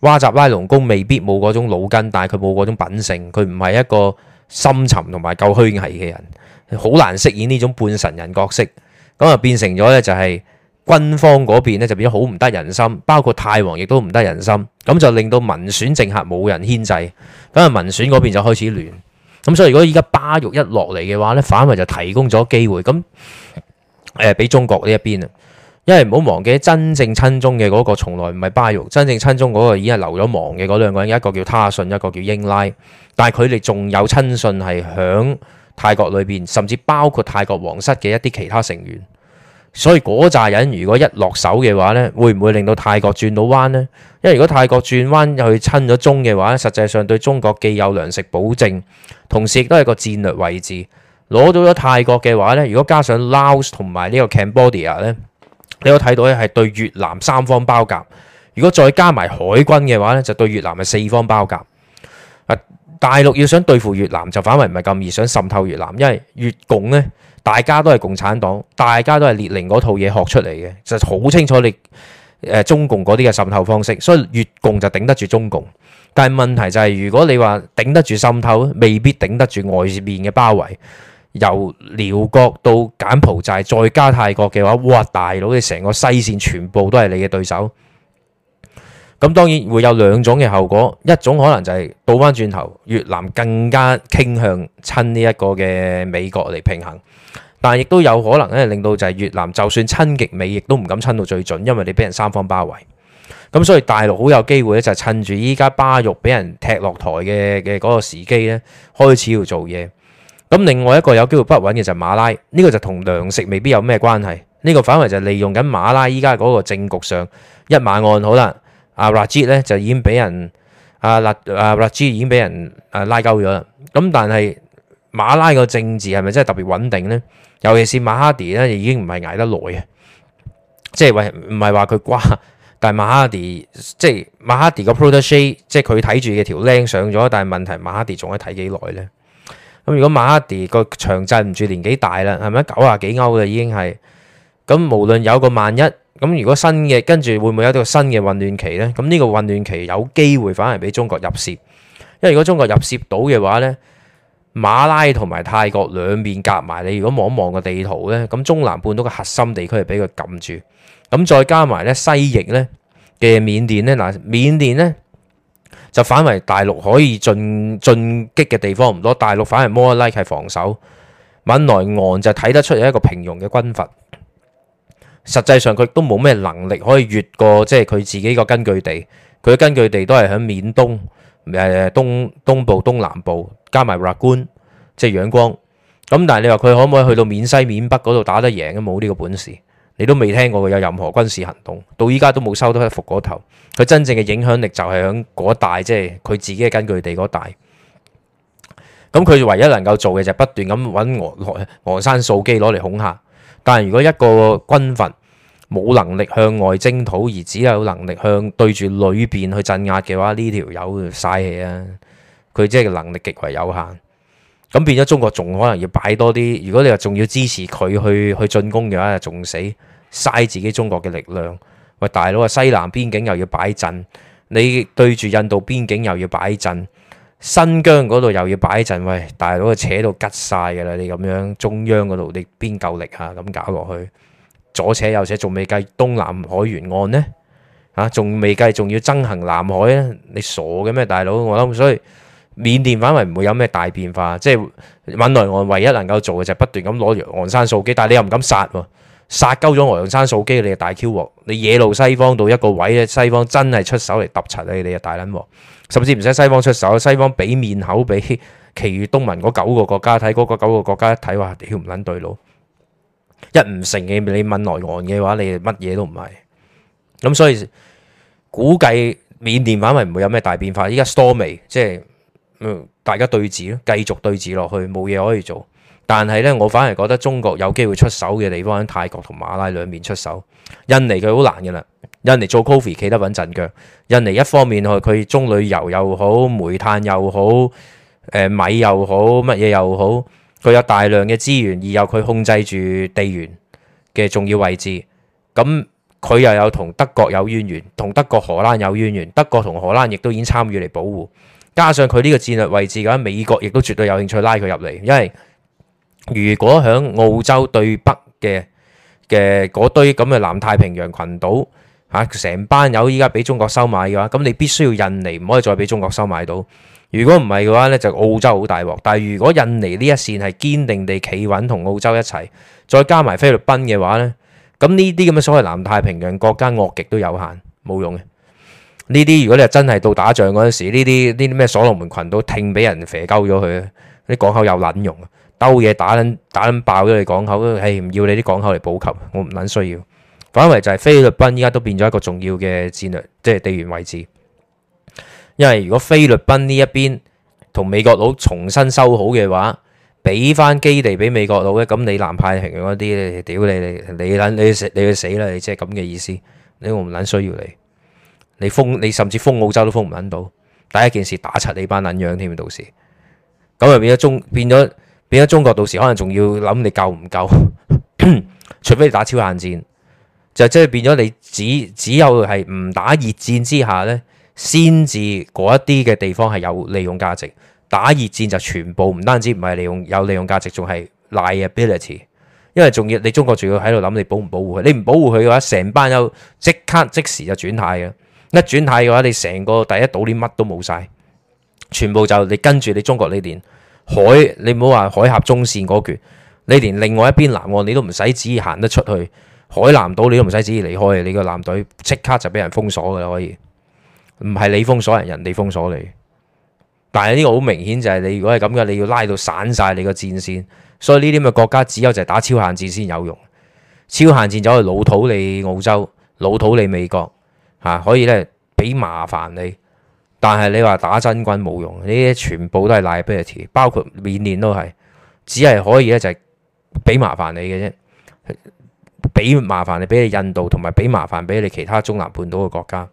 哇，扎拉隆功未必冇嗰種腦筋，但係佢冇嗰種品性，佢唔係一個深沉同埋夠虛偽嘅人，好難飾演呢種半神人角色，咁啊變成咗咧就係、是。軍方嗰邊咧就變咗好唔得人心，包括泰王亦都唔得人心，咁就令到民選政客冇人牽制，咁啊民選嗰邊就開始亂。咁所以如果依家巴育一落嚟嘅話呢，反為就提供咗機會，咁誒俾中國呢一邊啊，因為唔好忘記真正親中嘅嗰個從來唔係巴育，真正親中嗰個已經係流咗亡嘅嗰兩個人，一個叫他信，一個叫英拉，但係佢哋仲有親信係響泰國裏邊，甚至包括泰國皇室嘅一啲其他成員。所以嗰扎人如果一落手嘅話呢，會唔會令到泰國轉到彎呢？因為如果泰國轉彎又去親咗中嘅話呢，實際上對中國既有糧食保證，同時亦都係個戰略位置。攞到咗泰國嘅話呢，如果加上 Laos 同埋呢個 Cambodia 呢，你可睇到咧係對越南三方包夾。如果再加埋海軍嘅話呢，就對越南係四方包夾。大陸要想對付越南就反為唔係咁易，想滲透越南，因為越共呢。大家都係共產黨，大家都係列寧嗰套嘢學出嚟嘅，其實好清楚你誒、呃、中共嗰啲嘅滲透方式，所以越共就頂得住中共。但係問題就係、係，如果你話頂得住滲透，未必頂得住外面嘅包圍。由寮國到柬埔寨，再加泰國嘅話，哇，大佬，你成個西線全部都係你嘅對手。咁當然會有兩種嘅後果，一種可能就係倒翻轉頭，越南更加傾向親呢一個嘅美國嚟平衡，但亦都有可能咧令到就係越南就算親極美，亦都唔敢親到最盡，因為你俾人三方包圍。咁所以大陸好有機會咧，就係、趁住依家巴育俾人踢落台嘅嘅嗰個時機咧，開始要做嘢。咁另外一個有機會不穩嘅就係馬拉，呢、呢個就同糧食未必有咩關係。呢、呢個反為就係利用緊馬拉依家嗰個政局上一馬案好啦。阿、啊、拉吉咧就已經俾人阿拉阿拉吉已經俾人誒拉鳩咗啦，咁但係馬拉個政治係咪真係特別穩定咧？尤其是馬哈迪咧，已經唔係捱得耐啊！即係為唔係話佢瓜，但係馬哈迪即係馬哈迪個 protective，即係佢睇住嘅條靚上咗，但係問題馬哈迪仲可以睇幾耐咧？咁如果馬哈迪個長制唔住年紀大啦，係咪九廿幾歐啦已經係？咁無論有個萬一。咁如果新嘅跟住會唔會有一個新嘅混亂期咧？咁呢個混亂期有機會反而俾中國入蝕，因為如果中國入蝕到嘅話咧，馬拉同埋泰國兩邊夾埋，你如果望一望個地圖咧，咁中南半島嘅核心地區係俾佢撳住，咁再加埋咧西翼咧嘅緬甸咧嗱，緬甸咧就反為大陸可以進進擊嘅地方唔多，大陸反而摩拉係防守，敏昂萊就睇得出係一個平庸嘅軍閥。實際上佢都冇咩能力可以越過即係佢自己個根據地，佢嘅根據地都係喺緬東，誒、呃、東東部、東南部加埋瑞光，即係仰光。咁但係你話佢可唔可以去到緬西、緬北嗰度打得贏？都冇呢個本事。你都未聽過佢有任何軍事行動，到依家都冇收到一服嗰頭。佢真正嘅影響力就係喺嗰帶，即係佢自己嘅根據地嗰帶。咁佢唯一能夠做嘅就係不斷咁揾昂昂山素姬攞嚟恐嚇。但係如果一個軍閥冇能力向外征討，而只有能力向對住裏邊去鎮壓嘅話，呢條友嘥氣啊！佢即係能力極為有限。咁變咗中國仲可能要擺多啲。如果你話仲要支持佢去去進攻嘅話，仲死嘥自己中國嘅力量。喂，大佬啊，西南邊境又要擺陣，你對住印度邊境又要擺陣。新疆嗰度又要擺陣，喂，大佬扯到吉晒㗎啦！你咁樣中央嗰度，你邊夠力啊？咁搞落去左扯右扯，仲未計東南海沿岸呢？嚇、啊，仲未計，仲要爭行南海咧？你傻嘅咩，大佬？我諗所以緬甸反而唔會有咩大變化，即係緬來岸唯一能夠做嘅就係不斷咁攞昂山素姬，但係你又唔敢殺喎、啊，殺鳩咗昂山素姬，你大 Q 喎！你野路西方到一個位咧，西方真係出手嚟揼柒你，你又大撚喎！甚至唔使西方出手，西方俾面口俾，其餘東盟嗰九個國家睇嗰、嗰個九個國家一睇話，屌唔撚對路，一唔成嘅你問內岸嘅話，你乜嘢都唔係。咁所以估計緬甸反為唔會有咩大變化，依家 stalemate，即、嗯、係大家對峙咯，繼續對峙落去，冇嘢可以做。但係咧，我反而覺得中國有機會出手嘅地方喺泰國同馬拉兩面出手。印尼佢好難㗎啦，印尼做 coffee 企得穩陣腳。印尼一方面佢棕油又好，煤炭又好，誒米又好，乜嘢又好，佢有大量嘅資源，而又佢控制住地緣嘅重要位置。咁佢又有同德國有淵源，源，同德國荷蘭有淵源，源，德國同荷蘭亦都已經參與嚟保護。加上佢呢個戰略位置嘅話，咁美國亦都絕對有興趣拉佢入嚟，因為如果喺澳洲對北嘅嘅嗰堆咁嘅南太平洋群島嚇，成、啊、班友依家俾中國收買嘅話，咁你必須要印尼唔可以再俾中國收買到。如果唔係嘅話呢，就澳洲好大鑊。但係如果印尼呢一線係堅定地企穩同澳洲一齊，再加埋菲律賓嘅話呢，咁呢啲咁嘅所謂南太平洋國家惡極都有限，冇用嘅。呢啲如果你真係到打仗嗰陣時，呢啲呢啲咩所羅門群島聽俾人肥鳩咗佢，啲港口有卵用。收嘢打捻打捻爆咗你港口，唉，唔要你啲港口嚟補給，我唔捻需要。反為就係菲律賓依家都變咗一個重要嘅戰略，即係地緣位置。因為如果菲律賓呢一邊同美國佬重新修好嘅話，俾翻基地俾美國佬咧，咁你南派平你你你你你你你你樣一啲，屌你你你捻你死你去死啦！即係咁嘅意思，你我唔捻需要你，你封你甚至封澳洲都封唔捻到。第一件事打柒你班捻樣添，到時咁又變咗中變咗。變咗中國，到時可能仲要諗你夠唔夠，除非你打超限戰，就即係變咗你只只有係唔打熱戰之下呢。先至嗰一啲嘅地方係有利用價值。打熱戰就全部唔單止唔係利用有利用價值，仲係 liability，因為仲要你中國仲要喺度諗你保唔保護佢，你唔保護佢嘅話，成班友即刻即時就轉態嘅，一轉態嘅話，你成個第一島鏈乜都冇晒，全部就你跟住你中國呢邊。海，你唔好話海峽中線嗰橛，你連另外一邊南岸你都唔使旨意行得出去，海南島你都唔使旨意離開，你個艦隊即刻就俾人封鎖㗎啦可以，唔係你封鎖人，人哋封鎖你。但係呢個好明顯就係你如果係咁嘅，你要拉到散晒你個戰線，所以呢啲咁嘅國家只有就係打超限戰先有用，超限戰就可以老土你澳洲，老土你美國，吓可以咧俾麻煩你。但係你話打真軍冇用，呢啲全部都係賴 liability，包括緬甸都係，只係可以咧就係俾麻煩你嘅啫，俾麻煩你俾你印度同埋俾麻煩俾你，你其他中南半島嘅國家。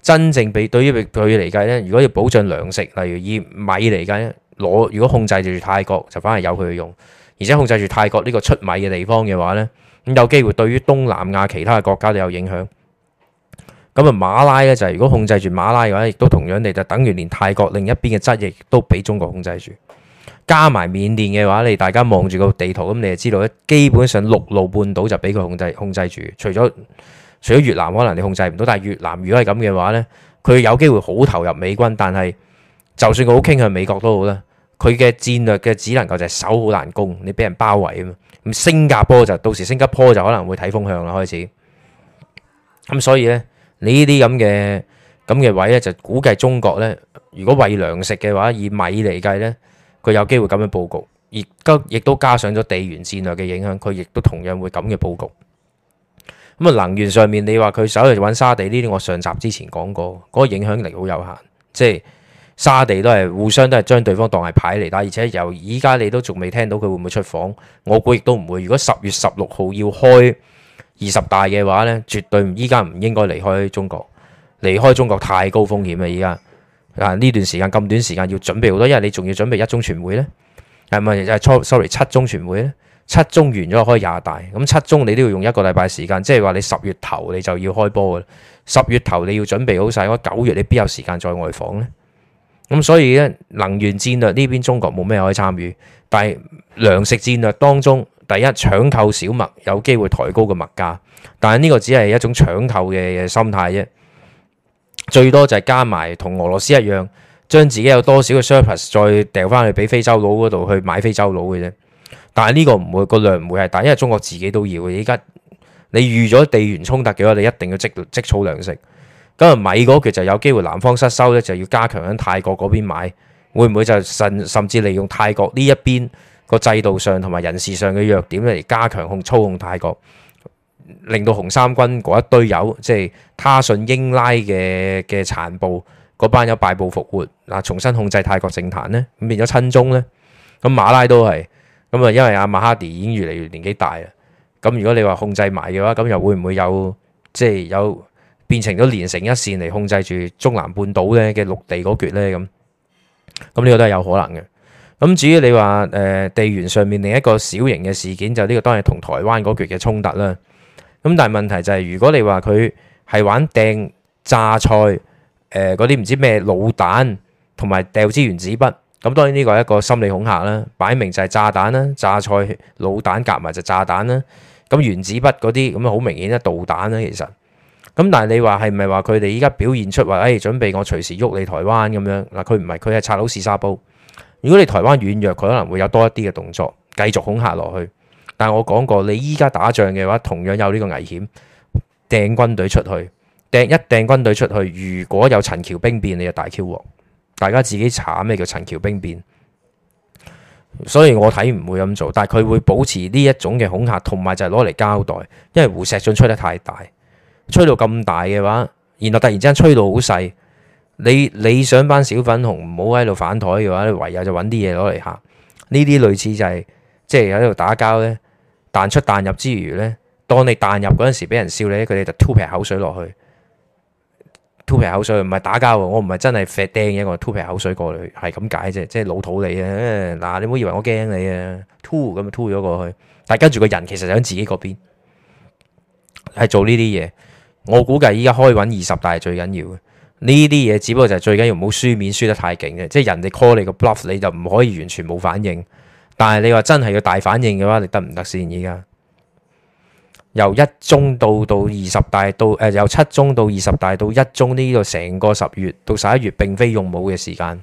真正俾對於佢嚟計咧，如果要保障糧食，例如以米嚟計，攞如果控制住泰國就反而有佢用，而且控制住泰國呢個出米嘅地方嘅話咧，咁有機會對於東南亞其他嘅國家都有影響。咁啊，馬拉咧就係如果控制住馬拉嘅話，亦都同樣地就等於連泰國另一邊嘅質亦都俾中國控制住。加埋緬甸嘅話，你大家望住個地圖咁，你就知道咧，基本上陸路半島就俾佢控制控制住。除咗除咗越南，可能你控制唔到，但係越南如果係咁嘅話咧，佢有機會好投入美軍，但係就算佢好傾向美國都好啦，佢嘅戰略嘅只能夠就係守好難攻，你俾人包圍啊嘛。咁新加坡就到時新加坡就可能會睇風向啦，開始咁，所以咧。你呢啲咁嘅咁嘅位咧，就估計中國咧，如果為糧食嘅話，以米嚟計咧，佢有機會咁嘅佈局，亦都亦都加上咗地緣戰略嘅影響，佢亦都同樣會咁嘅佈局。咁啊，能源上面你話佢首先揾沙地呢啲，我上集之前講過，嗰個影響力好有限，即係沙地都係互相都係將對方當係牌嚟打，而且由依家你都仲未聽到佢會唔會出訪，我估亦都唔會。如果十月十六號要開二十大嘅話咧，絕對唔依家唔應該離開中國，離開中國太高風險啦！依家啊呢段時間咁短時間要準備好多，因為你仲要準備一中全會咧，係咪？就係 sorry 七中全會咧，七中完咗開廿大，咁七中你都要用一個禮拜時間，即係話你十月頭你就要開波噶啦，十月頭你要準備好晒，我九月你邊有時間再外訪咧？咁所以咧能源戰略呢邊中國冇咩可以參與，但係糧食戰略當中。第一，搶購小麥有機會抬高個物價，但係呢個只係一種搶購嘅心態啫，最多就係加埋同俄羅斯一樣，將自己有多少嘅 surplus 再掉翻去俾非洲佬嗰度去買非洲佬嘅啫。但係呢個唔會，個量唔會係大，因為中國自己都要嘅。依家你預咗地緣衝突嘅話，你一定要積積儲糧食。咁啊，米嗰就有機會南方失收呢，就要加強喺泰國嗰邊買，會唔會就甚甚至利用泰國呢一邊？個制度上同埋人事上嘅弱點嚟加強控操控泰國，令到紅三軍嗰一堆友即係他信英拉嘅嘅殘部，嗰班友敗部復活，嗱重新控制泰國政壇咧，變咗親中呢，咁馬拉都係咁啊，就因為阿馬哈迪已經越嚟越年紀大啦。咁如果你話控制埋嘅話，咁又會唔會有即係有變成咗連成一線嚟控制住中南半島咧嘅陸地嗰橛咧？咁咁呢個都係有可能嘅。咁至於你話誒、呃、地緣上面另一個小型嘅事件，就呢個當然同台灣嗰橛嘅衝突啦。咁但係問題就係、是，如果你話佢係玩掟榨菜、誒嗰啲唔知咩滷蛋，同埋掉支原子筆，咁當然呢個係一個心理恐嚇啦。擺明就係炸彈啦，榨菜、滷蛋夾埋就炸彈啦。咁原子筆嗰啲咁啊，好明顯一導彈啦其實。咁但係你話係咪係話佢哋依家表現出話，誒、哎、準備我隨時喐你台灣咁樣嗱？佢唔係，佢係拆佬試沙煲。如果你台灣軟弱，佢可能會有多一啲嘅動作，繼續恐嚇落去。但係我講過，你依家打仗嘅話，同樣有呢個危險。掟軍隊出去，掟一掟軍隊出去，如果有陳橋兵變，你就大 Q 王。大家自己查咩叫陳橋兵變。所以我睇唔會咁做，但係佢會保持呢一種嘅恐嚇，同埋就係攞嚟交代，因為胡錫進吹得太大，吹到咁大嘅話，然後突然之間吹到好細。你你想班小粉紅，唔好喺度反台嘅話，唯有就揾啲嘢攞嚟嚇。呢啲類似就係，即係喺度打交呢，彈出彈入之餘呢，當你彈入嗰陣時俾人笑你，佢哋就吐皮口水落去，吐皮口水唔係打交喎，我唔係真係啡掟嘅。我吐皮口水過去，係咁解啫，即係老土嚟嘅。嗱、哎，你唔好以為我驚你啊，吐咁就吐咗過去。但跟住個人其實喺自己嗰邊，係做呢啲嘢。我估計依家開揾二十大，係最緊要嘅。呢啲嘢只不過就係最緊要唔好輸面輸得太勁嘅，即係人哋 call 你個 bluff 你就唔可以完全冇反應。但係你話真係要大反應嘅話，你得唔得先？依家由一中到到二十大，到、呃、誒由七中到二十大到一中，呢度，成個十月到十一月並非用武嘅時間。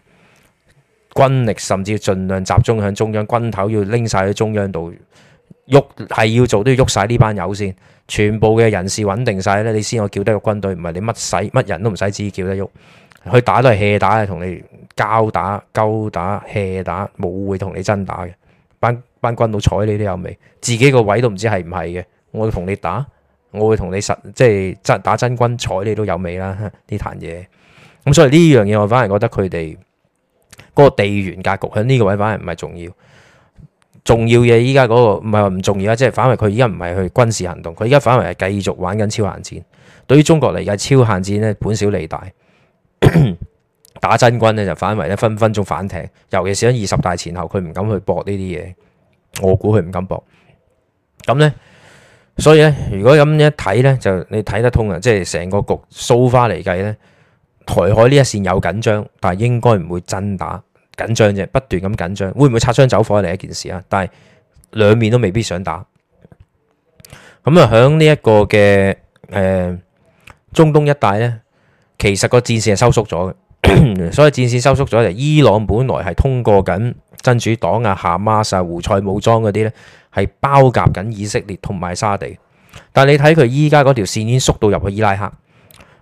軍力甚至要盡量集中向中央，軍頭要拎晒喺中央度喐，係要做都要喐晒呢班友先。全部嘅人事穩定晒咧，你先我叫得喐軍隊，唔係你乜使乜人都唔使知叫得喐，佢打都係 hea 打，同你交打、勾打、hea 打，冇會同你真打嘅。班班軍佬睬你都有味，自己個位都唔知係唔係嘅，我會同你打，我會同你實即係真打真軍睬你都有味啦，呢壇嘢。咁所以呢樣嘢我反而覺得佢哋嗰個地緣格局喺呢個位反而唔係重要。重要嘢，依家嗰個唔係話唔重要啦，即係反而為佢依家唔係去軍事行動，佢依家反而為係繼續玩緊超限戰。對於中國嚟講，超限戰呢本小利大， 打真軍呢就反為咧分分鐘反艇。尤其是喺二十大前後，佢唔敢去搏呢啲嘢，我估佢唔敢搏。咁呢，所以呢，如果咁一睇呢，就你睇得通呀，即係成個局梳花嚟計呢，台海呢一線有緊張，但係應該唔會真打。緊張啫，不斷咁緊張，會唔會擦槍走火嚟一件事啊？但係兩面都未必想打。咁、嗯、啊，喺呢一個嘅誒、呃，中東一帶咧，其實個戰線係收縮咗嘅， 所以戰線收縮咗就伊朗本來係通過緊真主黨啊、哈馬士、啊、胡塞武裝嗰啲咧，係包夾緊以色列同埋沙地。但係你睇佢依家嗰條線已經縮到入去伊拉克，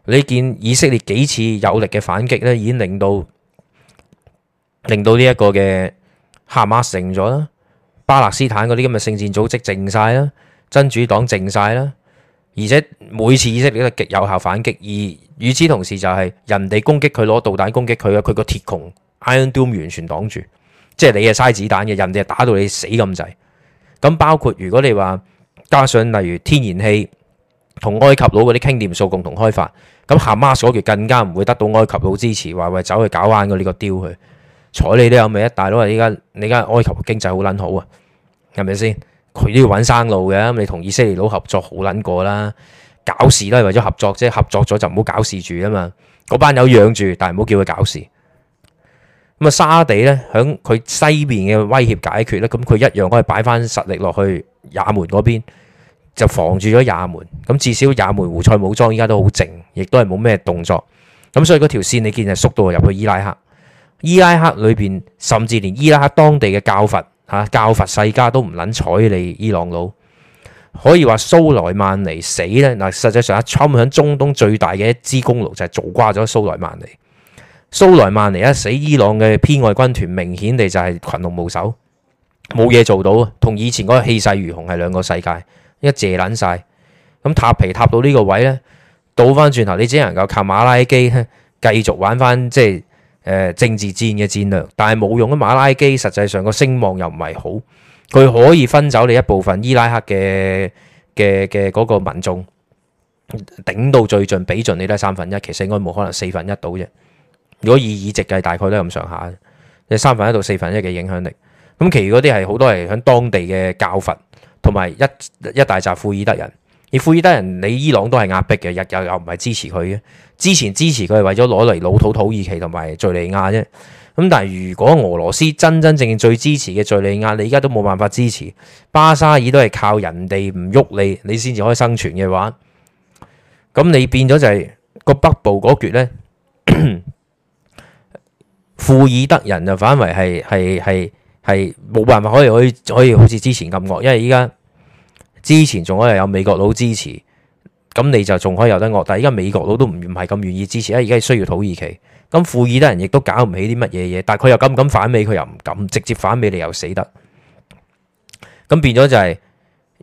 你見以色列幾次有力嘅反擊咧，已經令到。令到呢一個嘅哈馬斯靜咗啦，巴勒斯坦嗰啲咁嘅聖戰組織靜晒啦，真主黨靜晒啦，而且每次意識力都極有效反擊。而與此同時就係人哋攻擊佢攞導彈攻擊佢啊，佢個鐵穹 Iron Dome 完全擋住，即係你係嘥子彈嘅，人哋係打到你死咁滯。咁包括如果你話加上例如天然氣同埃及佬嗰啲傾掂數共同開發，咁哈馬斯佢更加唔會得到埃及佬支持，話為走去搞硬個呢個雕佢。睬你都有味啊！大佬啊，依家你依家埃及經濟好撚好啊，係咪先？佢都要揾生路嘅。你同以色列佬合作好撚過啦，搞事都係為咗合作啫。合作咗就唔好搞事住啊嘛。嗰班友養住，但係唔好叫佢搞事。咁啊，沙地咧，響佢西面嘅威脅解決咧，咁佢一樣可以擺翻實力落去也門嗰邊，就防住咗也門。咁至少也門胡塞武裝依家都好靜，亦都係冇咩動作。咁所以嗰條線你見係縮到入去伊拉克。伊拉克裏邊，甚至連伊拉克當地嘅教法，吓、啊、教法世家都唔捻睬你伊朗佬。可以話蘇萊曼尼死咧，嗱實際上啊，影響中東最大嘅一支功勞就係做瓜咗蘇萊曼尼。蘇萊曼尼一死，伊朗嘅偏愛軍團明顯地就係群龍無首，冇嘢做到啊，同以前嗰個氣勢如虹係兩個世界，一謝捻晒。咁塔皮塔到呢個位咧，倒翻轉頭，你只能夠靠馬拉基繼續玩翻即係。誒，政治戰嘅戰略，但係冇用啊！馬拉基實際上個聲望又唔係好，佢可以分走你一部分伊拉克嘅嘅嘅嗰個民眾，頂到最盡，俾盡你都係三分一，其實應該冇可能四分一到啫。如果以以議席計，大概都係咁上下，你三分一到四分一嘅影響力，咁其餘嗰啲係好多係喺當地嘅教訓，同埋一一大紮庫爾德人。而庫爾德人，你伊朗都係壓迫嘅，日日又唔係支持佢嘅。之前支持佢係為咗攞嚟老土土耳其同埋敍利亞啫。咁但係如果俄羅斯真真正正最支持嘅敍利亞，你依家都冇辦法支持巴沙爾，都係靠人哋唔喐你，你先至可以生存嘅話，咁你變咗就係個北部嗰橛咧。庫 爾德人就反為係係係係冇辦法可以可以可以好似之前咁惡，因為依家。之前仲可以有美國佬支持，咁你就仲可以有得惡。但係依家美國佬都唔唔係咁願意支持啦，而家需要土耳其。咁庫爾德人亦都搞唔起啲乜嘢嘢，但係佢又敢唔敢反美，佢又唔敢直接反美，你又死得咁變咗就係、是，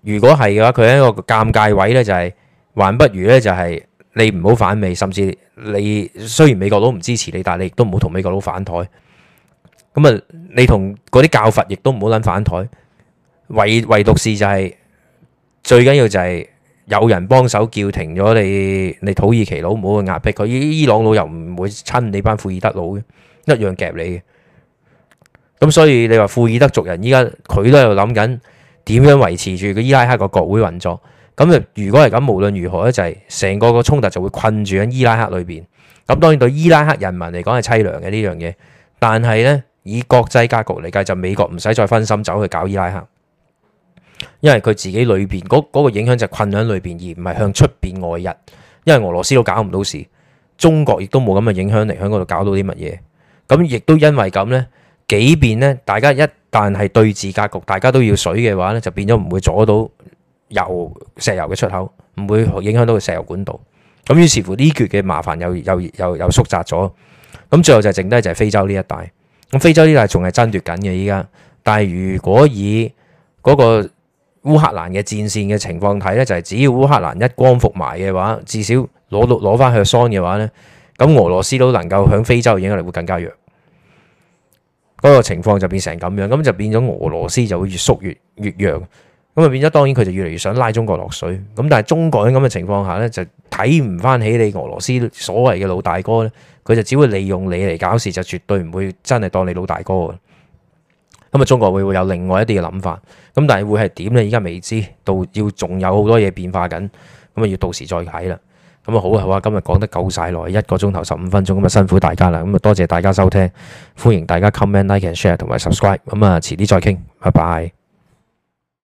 如果係嘅話，佢喺一個尷尬位呢、就是，就係還不如呢，就係你唔好反美，甚至你雖然美國佬唔支持你，但係你亦都唔好同美國佬反台咁啊。你同嗰啲教法亦都唔好撚反台，唯唯獨是就係、是。最緊要就係有人幫手叫停咗你，你土耳其佬唔好壓迫佢，伊朗佬又唔會親你班庫爾德佬嘅，一樣夾你嘅。咁所以你話庫爾德族人依家佢都喺度諗緊點樣維持住個伊拉克個國會運作。咁如果係咁，無論如何就係成個個衝突就會困住喺伊拉克裏邊。咁當然對伊拉克人民嚟講係淒涼嘅呢樣嘢，但係呢，以國際格局嚟計，就美國唔使再分心走去搞伊拉克。因為佢自己裏邊嗰嗰個影響就困喺裏邊，而唔係向出邊外溢。因為俄羅斯都搞唔到事，中國亦都冇咁嘅影響嚟喺嗰度搞到啲乜嘢。咁亦都因為咁呢，幾邊呢，大家一旦係對峙格局，大家都要水嘅話呢，就變咗唔會阻到油石油嘅出口，唔會影響到個石油管道。咁於是乎呢橛嘅麻煩又又又又縮窄咗。咁最後就剩低就係非洲呢一帶。咁非洲呢一帶仲係爭奪緊嘅依家。但係如果以嗰個烏克蘭嘅戰線嘅情況睇呢，就係、是、只要烏克蘭一光復埋嘅話，至少攞到攞翻佢嘅喪嘅話呢，咁俄羅斯都能夠響非洲影響力會更加弱，嗰、那個情況就變成咁樣，咁就變咗俄羅斯就會越縮越越弱，咁啊變咗當然佢就越嚟越想拉中國落水，咁但係中國喺咁嘅情況下呢，就睇唔翻起你俄羅斯所謂嘅老大哥呢，佢就只會利用你嚟搞事，就絕對唔會真係當你老大哥。咁啊，中國會會有另外一啲嘅諗法，咁但係會係點呢？而家未知，到要仲有好多嘢變化緊，咁啊要到時再睇啦。咁啊好啊好啊，今日講得夠晒耐，一個鐘頭十五分鐘，咁啊辛苦大家啦。咁啊多謝大家收聽，歡迎大家 comment、like and share 同埋 subscribe。咁啊遲啲再傾，拜拜。